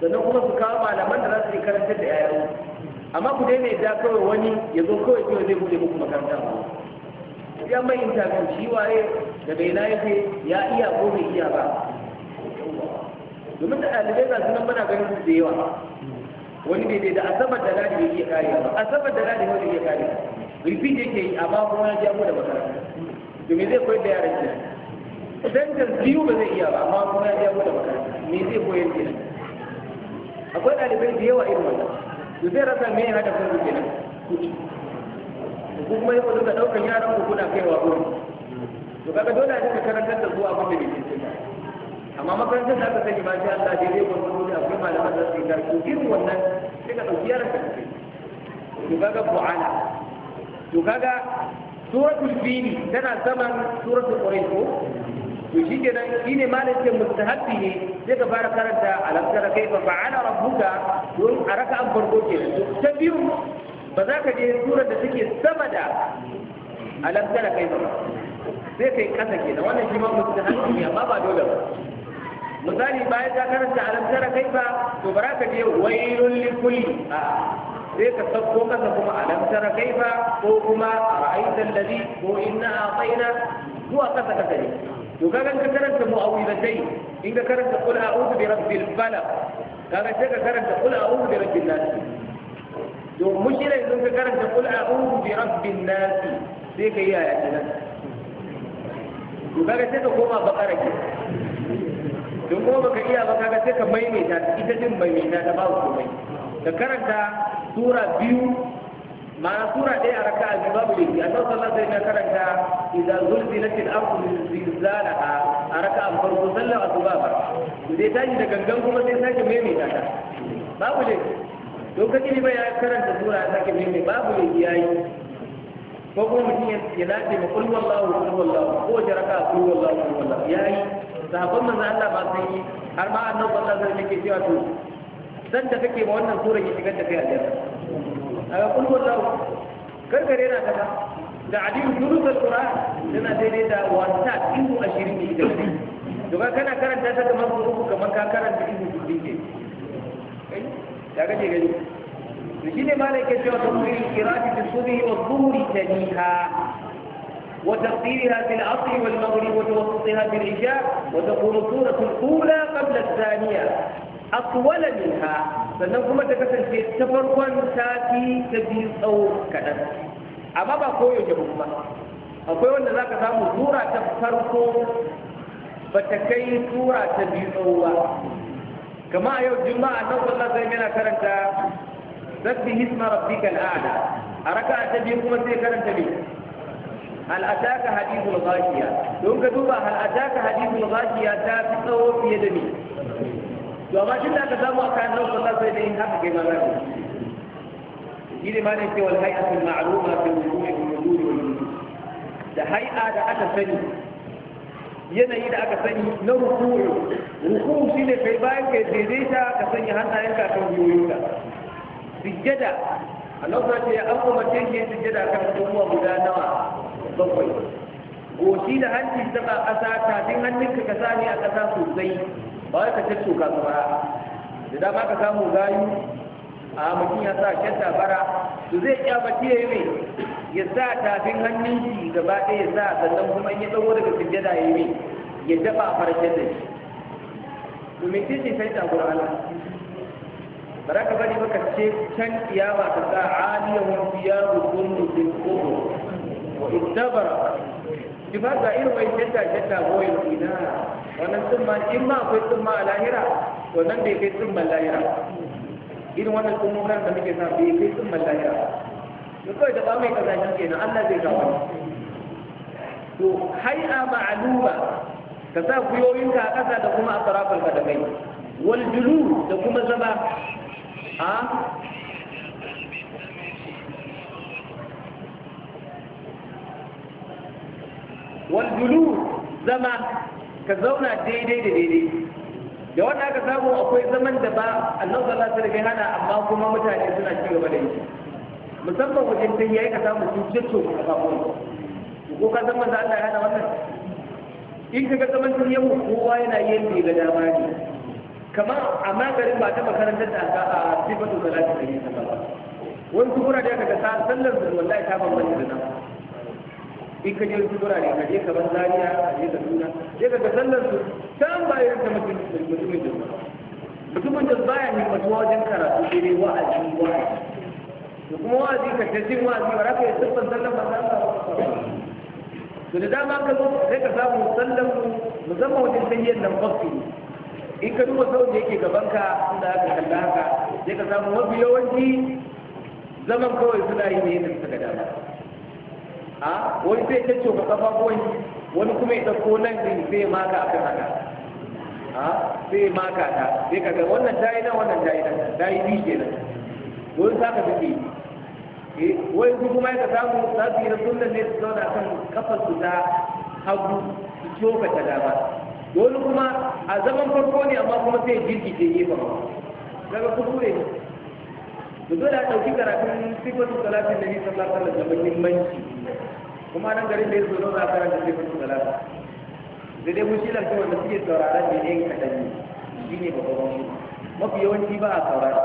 [SPEAKER 1] sannan kuma su kawo malaman da za su yi karantar da yayan amma ku daina ya kawai wani ya zo kawai kawai zai bude muku makaranta ku ya mai intanet shi waye da bai na yake ya iya ko bai iya ba domin da ɗalibai za su nan muna ganin su da yawa wani bai da asabar da ladi yake kare ba asabar da ladi wani yake kare da yake yi amma kuma ya ko da makaranta domin zai koyar da yaran kenan sentence biyu ba zai iya ba amma kuma ya ko da makaranta me zai koyar kenan akwai ɗalibai da yawa irin wannan to zai rasa me hada kun ku kenan ku kuma yau duka ɗaukar yaran ku kuna kaiwa gurin to kaga dole a dinga karantar da zuwa abin da bai cancanta amma makarantar da aka sani ba sai Allah dai zai gwargwado da kuma malaman da su yi irin wannan sai ka ɗauki yaran ka kai to kaga bu'ala to kaga suratul fili tana saman suratul quraish to shi ke nan shi ne malam ce mustahabbi ne zai ka fara karanta alamtara kai Ba fa'ala rabbuka don a raka raka'an farko kenan ta biyu ba za ka je surar da suke sama da alamtara kai ba sai kai kasa kenan wannan shi ma mustahabbi ne amma ba dole ba misali bayan ta karanta alamtara kai ba to ba za ka je wailul likulli a, sai ka sauko kasa kuma alam tara kaifa ko kuma ra'aita alladhi ko inna a'tayna هو قصد ذلك وقال أنت كرنت مؤولتين إنك كرنت قل أعوذ برب البلغ قال أنت كرنت قل أعوذ برب الناس ومش إلا إنك كرنت قل أعوذ برب الناس ذيك يا يا جنان وقال أنت كما بقرك ثم هو بك إيا بك أنت كميمينات إتجم ميمينات باوك ميمينات كرنت سورة بيوت ma'ana sura ɗaya a raka'a biyu babu laifi a sauran sallah sai na karanta idan zulzilat al-ardu zilzalaha a raka'a farko sallar asuba ba zai tashi da gangan kuma sai sake maimaita ta babu laifi lokacin ba ya karanta sura ya sake maimaita babu ya yi ko kuma mutum ya lafi ma kullu wallahu kullu wallahu ko ya raka kullu wallahu kullu wallahu yayi sahabban manzo Allah ba sai har ma annabi sallallahu alaihi wasallam yake cewa to san da kake ma wannan sura ke shigar da kai aljanna daga kulmul lahu karkare na kaza da adin durusar qur'an daidai da wata ibu ashirin ne da kai doka kana karanta ta kamar uku kamar ka karanta ibu dubu ke kai ya kace gani to ne malai ke cewa tafsir qira'ati bisubhi wa dhuhri taniha وتقديرها في العصر والمغرب وتوسطها في العشاء وتكون السورة الأولى قبل الثانية aswala minha sannan kuma ta kasance ta farkon sati ta biyu tsawo kaɗan amma ba koyaushe ba akwai wanda za ka samu tura ta farko ba ta kai tura ta biyu tsawo ba kama a yau juma'a nan sallah sai yana karanta sabbi hisma rabbika al'ala a raka'a ta biyu kuma sai karanta ne. hal ataka hadithul ghashiya don ka duba hal ataka hadithul ghashiya ta fi tsawo fiye da ni. to amma da aka samu aka annabi sallallahu alaihi wasallam haka kai ma za ka shi ne ma ne ce wal hay'atul ma'luma fil wudu'i wal wudu'i wal wudu'i da hay'a da aka sani yanayi da aka sani na ruku'u ruku'u shine kai bayan kai daidaita ka sanya hannayenka kan gwiwoyinka sujjada Allah ta ce an umarce shi sujjada kan abubuwa guda nawa bakwai goshi da hanci taba ƙasa kafin hannunka ka sani a ƙasa sosai ba ka ce ka bara da dama ka samu gayu a mutum ya sa kyanta bara to zai iya bace ya mai ya sa tafin hannun shi gaba ɗaya ya sa sannan kuma in ya tsawo daga sujjada ya mai ya dafa farashin da shi to me ce sai ta gura Allah bara ka bari maka ce can iyawa ta sa aliyahum thiyabu kullu bil qubur wa idabara ki ba ga irin wai jadda jadda goyin ina wannan tsumma in ma akwai tsumma a lahira to nan bai kai tsumman lahira irin wannan tsummokan da muke sa bai kai tsumman lahira to kawai da ba mai kasashen kenan Allah zai ga wani to hai'a ma'aluma ka sa kuyoyinka a ƙasa da kuma a sarafin kadamai wal julu da kuma zama a ah? wal zama ka zauna daidai da daidai da wanda aka samu akwai zaman da ba Allah sallallahu alaihi hana amma kuma mutane suna ci gaba da yi musamman wajen tun yayi ka samu sun cicco a kafin ko ka san da Allah ya hana wannan in ka ga zaman tun yau kowa yana yin da ga dama ne kamar a magarin ba ta makarantar da aka a sifatu salati da yin ba wani tukura da aka ga sallar da wallahi ta bambanta da nan in ka je wasu gurare ka je kaman zariya ka je ka tuna je ka ga sallar su can ba irin ta mutumin da mutumin da baya himmatuwa wajen karatu sai dai wa'azi wa'azi da kuma wa'azi ka ta jin wa'azi ba za ka yi siffar sallar ba za ka to da dama ka zo sai ka samu sallar mu musamman wajen sanyin nan bakwai in ka duba sauran da yake gabanka inda aka kalla haka sai ka samu mafi yawanci zaman kawai suna yi ne da suka ga dama a wani sai ta ce kafafuwan wani kuma ya ɗauko nan ne sai maka akan haka a sai maka ta sai kaga wannan ta yi nan wannan ta yi nan ta yi biyu kenan don saka suke yi eh, wai su kuma ya samu za su yi na sunan ne su zauna kan kafar su ta hagu su coka ta dama wani kuma a zaman farko ne amma kuma sai jirgi ke yi ba daga kuskure ne to dole a ɗauki karatun sifatu salatin da ni sallallahu da wasallam muhimmanci kuma nan garin da ya zo za a da sai mutu talata da dai mun shirya kuma da suke sauraron da ɗayan kaɗan ne shi ne babban wani mafi yawanci ba a saurara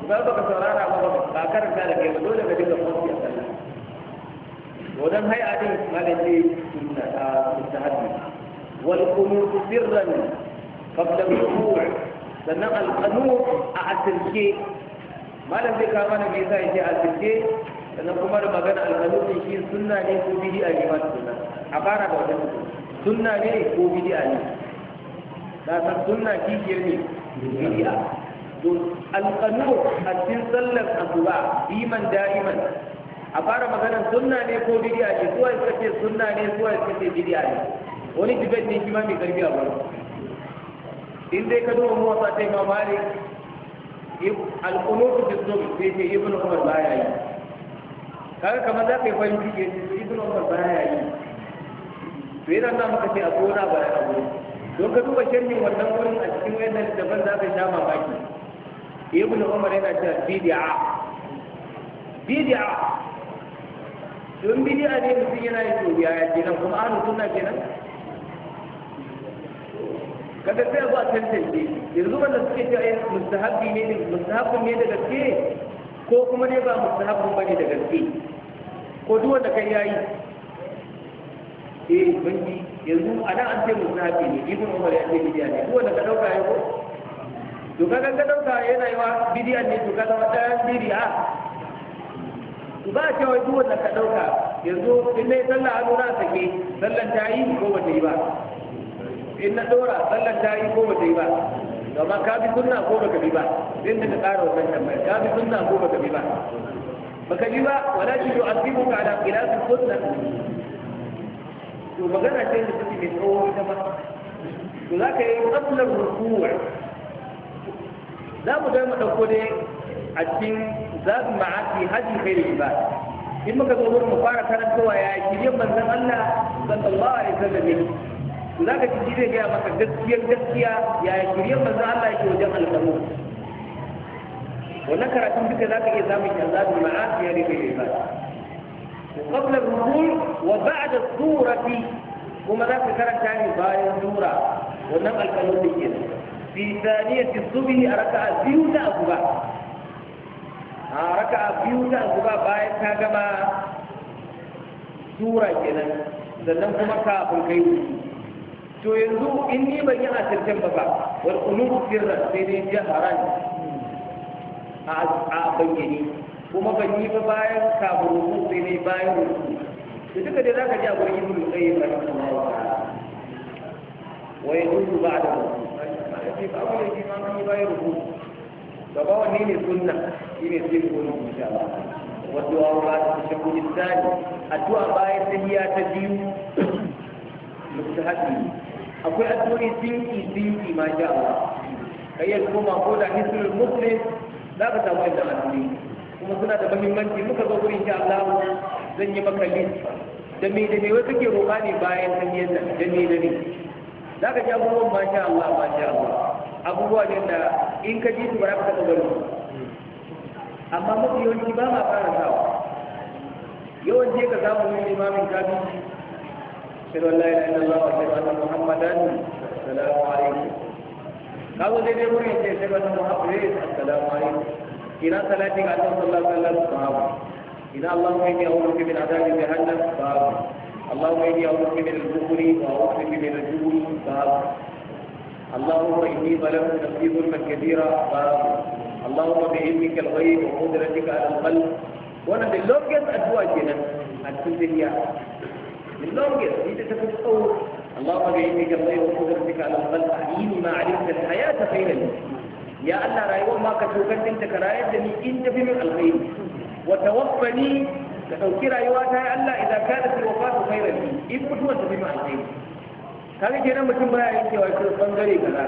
[SPEAKER 1] kuma ba ka saurara ba ba karanta da kai ba daga ka dinga kwanci a sallah hai a din malaje sunna a mutahabbi wal qunut sirran qabla al-ruku' sannan al a asirke malam zai kama da me yasa yake asirke sannan kuma da magana alhamis shi sunna ne ko bid'a ne ba sunna a fara da wajen sunna ne ko a ne da san sunna kike ne a to alqanut a cikin sallar asuba iman da'iman a fara magana sunna ne ko a ne suwa suka ce sunna ne suwa suka bidi a ne wani debate ne shi mai karbi a wurin in dai ka duba muwasa ta ne, malik alqanut bi sai ce ibn umar baya yi kaga kamar za ka yi fahimci farin ciki ibn umar ya yi to yana na maka ce a gona ba a gurin don ka duba shirin wannan wurin a cikin da daban za ka sha mamaki ibn umar yana cewa bid'a bid'a don bid'a ne mutum yana yi to yaya kenan kuma ahlu sunna kenan kada sai a zo a tantance yanzu wanda suke cewa eh, mustahabbi ne mustahabbi ne da gaske ko kuma ne ba mustahabin bane da gaske ko duk wanda kai yayi eh banki yanzu a nan an ce mustahabi ne ibn umar ya ce bidiya ne duk wanda ka dauka ya ko to ka ga dauka yana yawa bidiya ne to ka wata dan bidiya ba ce wai duk wanda ka dauka yanzu in ne sallah hannu na sake sallan ta yi ko wata yi ba in na dora sallan ta yi ko wata yi ba amma ka bi sunna ko baka bi ba sai da ka tsara wannan tambayar ka bi sunna ko baka bi ba baka bi ba wala shi yu'azibuka ala khilafi sunna to magana ce da take mai tsawo ita ba to za ka yi qablan rukuwa za mu ga mu dauko dai a cikin zabi ma'afi hadi khairul ba. in muka zo mu fara karantawa ya yi manzon Allah sallallahu alaihi wasallam to za ka ji zai gaya maka gaskiyar gaskiya yaya shirye manzo Allah yake wajen alƙalu wannan karatun duka za ka iya samun shi Allah bil ma'ad ya rike ibad qabla al-ruku' wa ba'da as-surati kuma za ka karanta ne bayan sura wannan alƙalu ne ke fi thaniyati subhi raka'a biyu da abuba a raka'a biyu da abuba bayan ka gama sura kenan sannan kuma kafin kai wuce to yanzu in ni ban yi asircen ba ba wal qunut sirran sai dai jaharan a bayyane kuma ban yi ba bayan kaburu sai dai bayan ruku to duka dai zaka ji a gurin ibnu qayyim rahimahullahu ta'ala wa yadudu ba'da ruku sai ba wani yake ma an yi bayan ruku gaba wanne ne sunna shine sai ko ne insha Allah wa du'a ba ta shakku tsani addu'a bayan tahiyya ta biyu mutahabbi akwai addu'o'i dinki dinki ma sha Allah kai yanzu kuma ko da hisul muslim za ka samu inda addu'o'i kuma suna da muhimmanci muka zo gurin sha Allah zan yi maka list da me da me wai kake roƙa ne bayan kan yadda da me da me za ka ji abubuwan ma sha Allah ma sha Allah abubuwa ne da in ka ji su ba za ka taɓa gani amma mafi yawanci ba ma fara sawa yawanci ka samu wani limamin kafin أشهد أن لا إله إلا الله وأشهد أن محمدا السلام عليكم kawo daidai wurin ce sai wannan muhabbare assalamu alaikum ina salatin annabi sallallahu alaihi wasallam babu ina allahumma inni a'udhu min adabi jahannam babu allahumma inni a'udhu min al-bukhli wa a'udhu min al-jubn babu اللهم إني ظلمت نفسي ظلما كثيرا فاغفر اللهم بعلمك الغيب وقدرتك على القلب وانا باللوكس ادواجنا الدنيا للونجر دي تتطور اللهم جئني جمعي وقدرتك على الخلق حين ما علمت الحياة خيرا يا الله رايوه ما كتوكت انت كرايات دني انت في من الخير وتوفني تتوكي رايواتها يا الله إذا كانت الوفاة خيرا لي إن كنت وانت في من الخير kaga kenan mutum baya برأي انت shi bangare kaza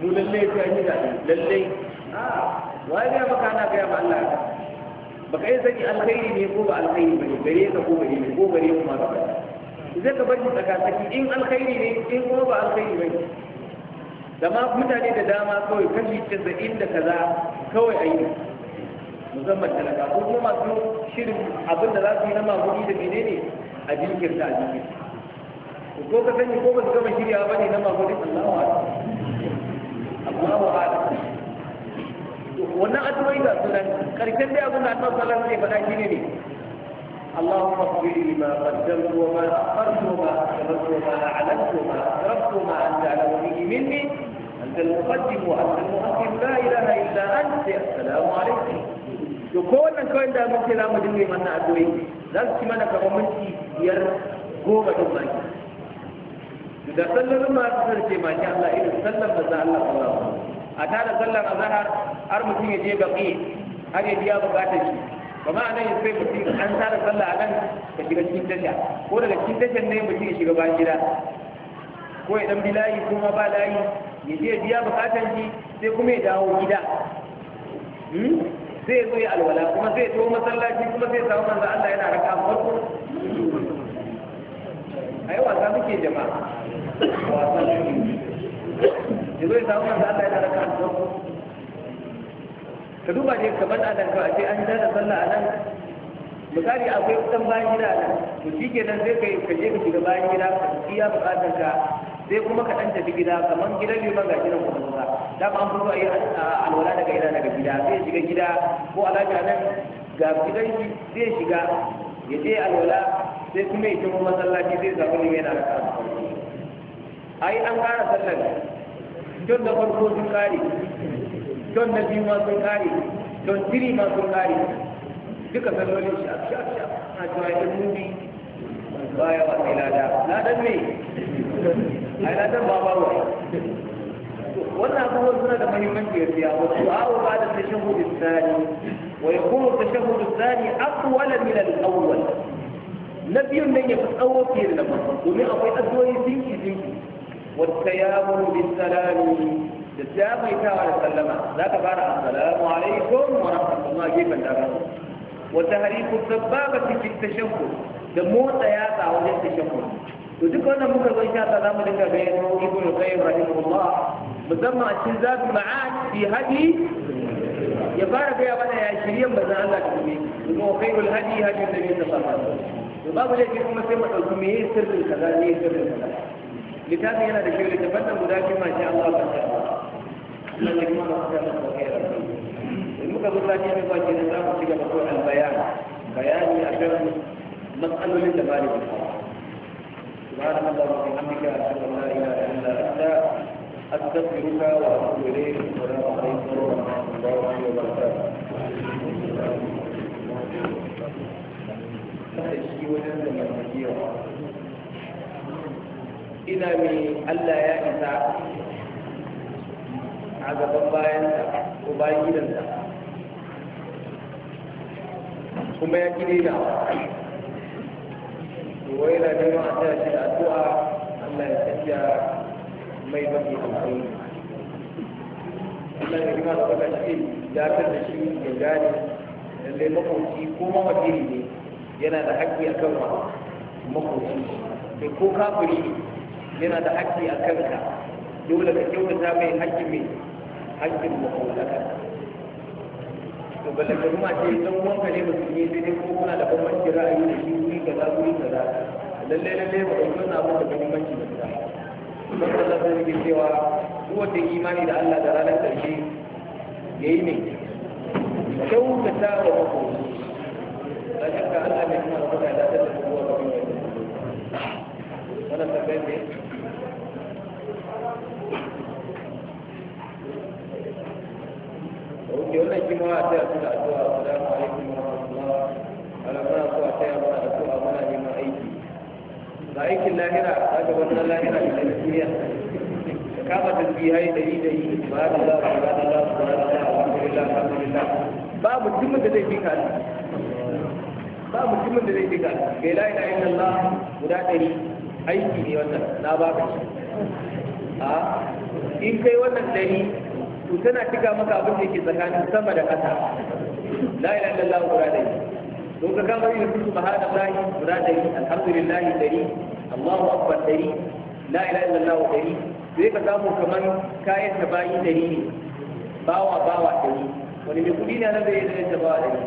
[SPEAKER 1] mu lalle sai an yi zabe lalle a
[SPEAKER 2] wai ga maka ana ga ma Allah
[SPEAKER 1] baka yi sani alkhairi ne ko ba alkhairi bane zai ka bari tsakatsaki in alkhairi ne in kuma ba alkhairi ba da ma mutane da dama kawai kashi casa'in da kaza kawai a yi musamman talaka ko kuma masu shirin abin da za su yi na mamuni da ne a jinkirta a jinkirta ko ka sani ko ba su gama shiryawa ba ne na mamuni allahu a ala wannan addu'o'i ga sunan karshen dai abin da annabi sallallahu alaihi wasallam ya faɗa shine ne اللهم اغفر لي ما قدمت وما اخرت وما اسلمت وما اعلنت وما اسرفت وما انت اعلم به مني انت المقدم وانت المؤخر لا اله الا انت السلام عليكم to ko wannan kawai da mun ce za mu dinga mana addu'o'i za su ci mana kamar minti biyar goma din baki da sallar ma su sarce baki Allah irin sallar da za Allah sallallahu a tare sallar azhar har mutum ya je baki har ya biya bukatar shi kuma ma nan sai mutum an tara sallah a nan ka shiga cikin tasha ko daga cikin tashan ne mutum ya shiga bayan gida ko ya dan bi layi ko ma ba layi ya je biya bukatan shi sai kuma ya dawo gida zai hmm? zo ya alwala kuma zai zo masallaci kuma zai samu manzo Allah yana raka farko ai wasa muke jama'a wasa ne ya zo ya samu manzo Allah yana raka farko ka duba ne kamar a nan kawai sai an da sallah a nan misali akwai kusan bayan gida a nan to shi kenan sai ka ka je ka shiga bayan gida ka ya bukatar ka sai kuma ka ɗan tafi gida kamar gidan ba ga gida kuma ba da ba an fito a yi alwala daga gida, daga gida ya shiga gida ko alaƙa nan ga gidan shi ya shiga ya je alwala sai kuma ya tafi masallaci sai zaɓi ne yana da karatu ai an ƙara sallar don da farko sun kare don na biyu ma sun kare don tiri ma sun kare duka sallolin shaf shaf shaf na cewa ya bi baya ba sai lada ladan me ai ladan ba ba wai wannan abubuwan suna da muhimmanci ya gaskiya wa du'a'u ba'da tashahhud tsani wa yakunu tashahhud tsani aqwala min al-awwal na biyun nan ya fi tsawo fiye da na farko domin akwai addu'o'i zinki zinki والتيامن بالسلام da tsawaitawa da sallama za ka fara assalamu alaikum wa rahmatullah gefen dama wa tahriku sababati fi tashakkur da motsa yatsa wajen tashakkur to duk wannan muka zo insha Allah zamu dinga bayan ibn qayyim rahimahullah musamman a cikin zabi
[SPEAKER 2] ma'ad fi
[SPEAKER 1] hadi ya fara gaya mana ya shirye manzon Allah ta kuma kuma wa khairul hadi hadi nabi sallallahu alaihi wasallam to babu laifi kuma sai mu dauki me sirrin kaza ne sirrin kaza littafin yana da shi littafin da guda biyu ma sha gaba sati mai zuwa kenan za mu ci gaba ko albayani bayani a kan matsalolin da bani bin hawa سبحان الله وبحمدك أشهد أن لا إله إلا أنت أستغفرك وأتوب
[SPEAKER 2] إليك والسلام عليكم ورحمة الله وبركاته.
[SPEAKER 1] Ina mai Allah ya isa a gaban bayansa ko bayan gidansa. kuma ya ki da wa? wai da neman a taya shi da addu'a Allah ya tafiya mai mafi alkhairi Allah ya rima da baka shi dakatar da shi ya gane lallai makoci ko mawakili ne yana da haƙƙi a kan makoci. da ko kafiri yana da haƙƙi a kanka dole ka kyautata mai haƙƙi mai haƙƙin makwauci to ballaka kuma ce dan wanka ne yi sai dai kuma kuna da bambancin ra'ayi da shi wuri kaza wuri kaza lalle lalle ba ku kuma mu da bambanci da kaza don Allah sai yake cewa duk wanda imani da Allah da ranar karshe yayi ne ta wa makoci
[SPEAKER 2] a shakka Allah ne kuma kuma da da kowa ga wani wannan tambayar ne
[SPEAKER 1] ok wannan kima a taya su da addu'a
[SPEAKER 2] assalamu alaikum wa rahmatullah
[SPEAKER 1] ala mana ko a taya mana addu'a muna neman aiki ba aikin lahira ta ga wannan lahira da na duniya ka kama tasbihai dari dari subhanallah subhanallah subhanallah alhamdulillah alhamdulillah ba mutumin da zai fi ka ba mutumin da zai fi ka bai la ilaha illallah guda ɗari aiki ne wannan na ba ka shi a in kai wannan ɗari to tana tiga maka abin da yake tsakanin sama da ƙasa la ilaha illallah guda da yi to ka kama yin su subhanallahi guda da yi alhamdulillah dari allahu akbar dari la ilaha illallah dari sai ka samu kamar kayan ta bayi dari ne bawa bawa dari wani mai kuɗi ne nan da ya zai ta bawa dari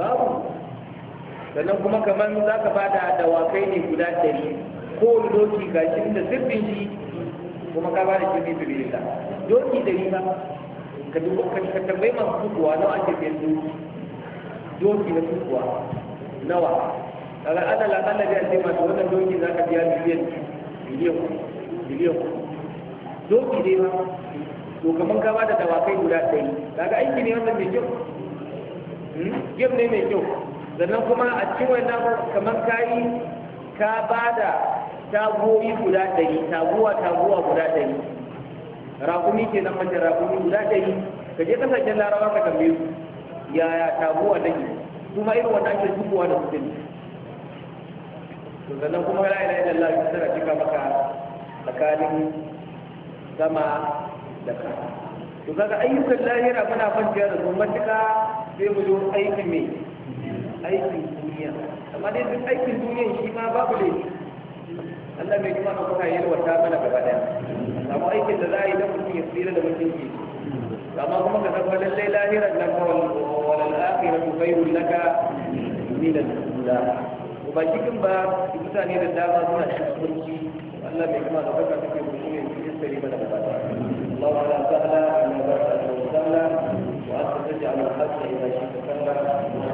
[SPEAKER 1] babu sannan kuma kamar za ka bada dawakai ne guda dari ko doki gashi da sirrin shi kuma ka bada shi bisu bisu da doki da rima ka dubu ka ka tambayi masu tukuwa nawa ake biyan doki doki na tukuwa nawa kaga ana la Allah ya masu wannan doki za ka biya miliyan miliyan miliyan doki dai rima to kaman ka bada dawakai guda ɗaya kaga aiki ne wannan mai kyau gem hmm? ne mai kyau sannan kuma a cikin wannan kamar kayi ka bada tagoyi guda ɗari taguwa taguwa guda ɗari rakumi ke nan mace rakumi guda ɗari ka je kasashen larabawa ka tambaye su yaya taguwa ɗari? kuma irin wanda ake zubowa da su ne to sannan kuma la ilaha illallah shi tana cika maka tsakanin sama da ka to kaga ayyukan lahira muna kwanciya da su matuka sai mu zo aikin mai aikin duniya amma dai duk aikin duniya shi ma babu laifi Allah mai kuma kuma yi wata mana gaba daya amma aikin da za a yi don mutum ya tsira da mutunci amma kuma ka zama lallai lahirar nan ka walal akhiratu khairul Ni da al-ula ba cikin ba mutane da dama suna cikin kunci Allah mai kuma da baka mutum ya tsira mana gaba daya Allahu ta'ala annabi sallallahu alaihi wa sallam wa astajaba al-hatta ila shi sallallahu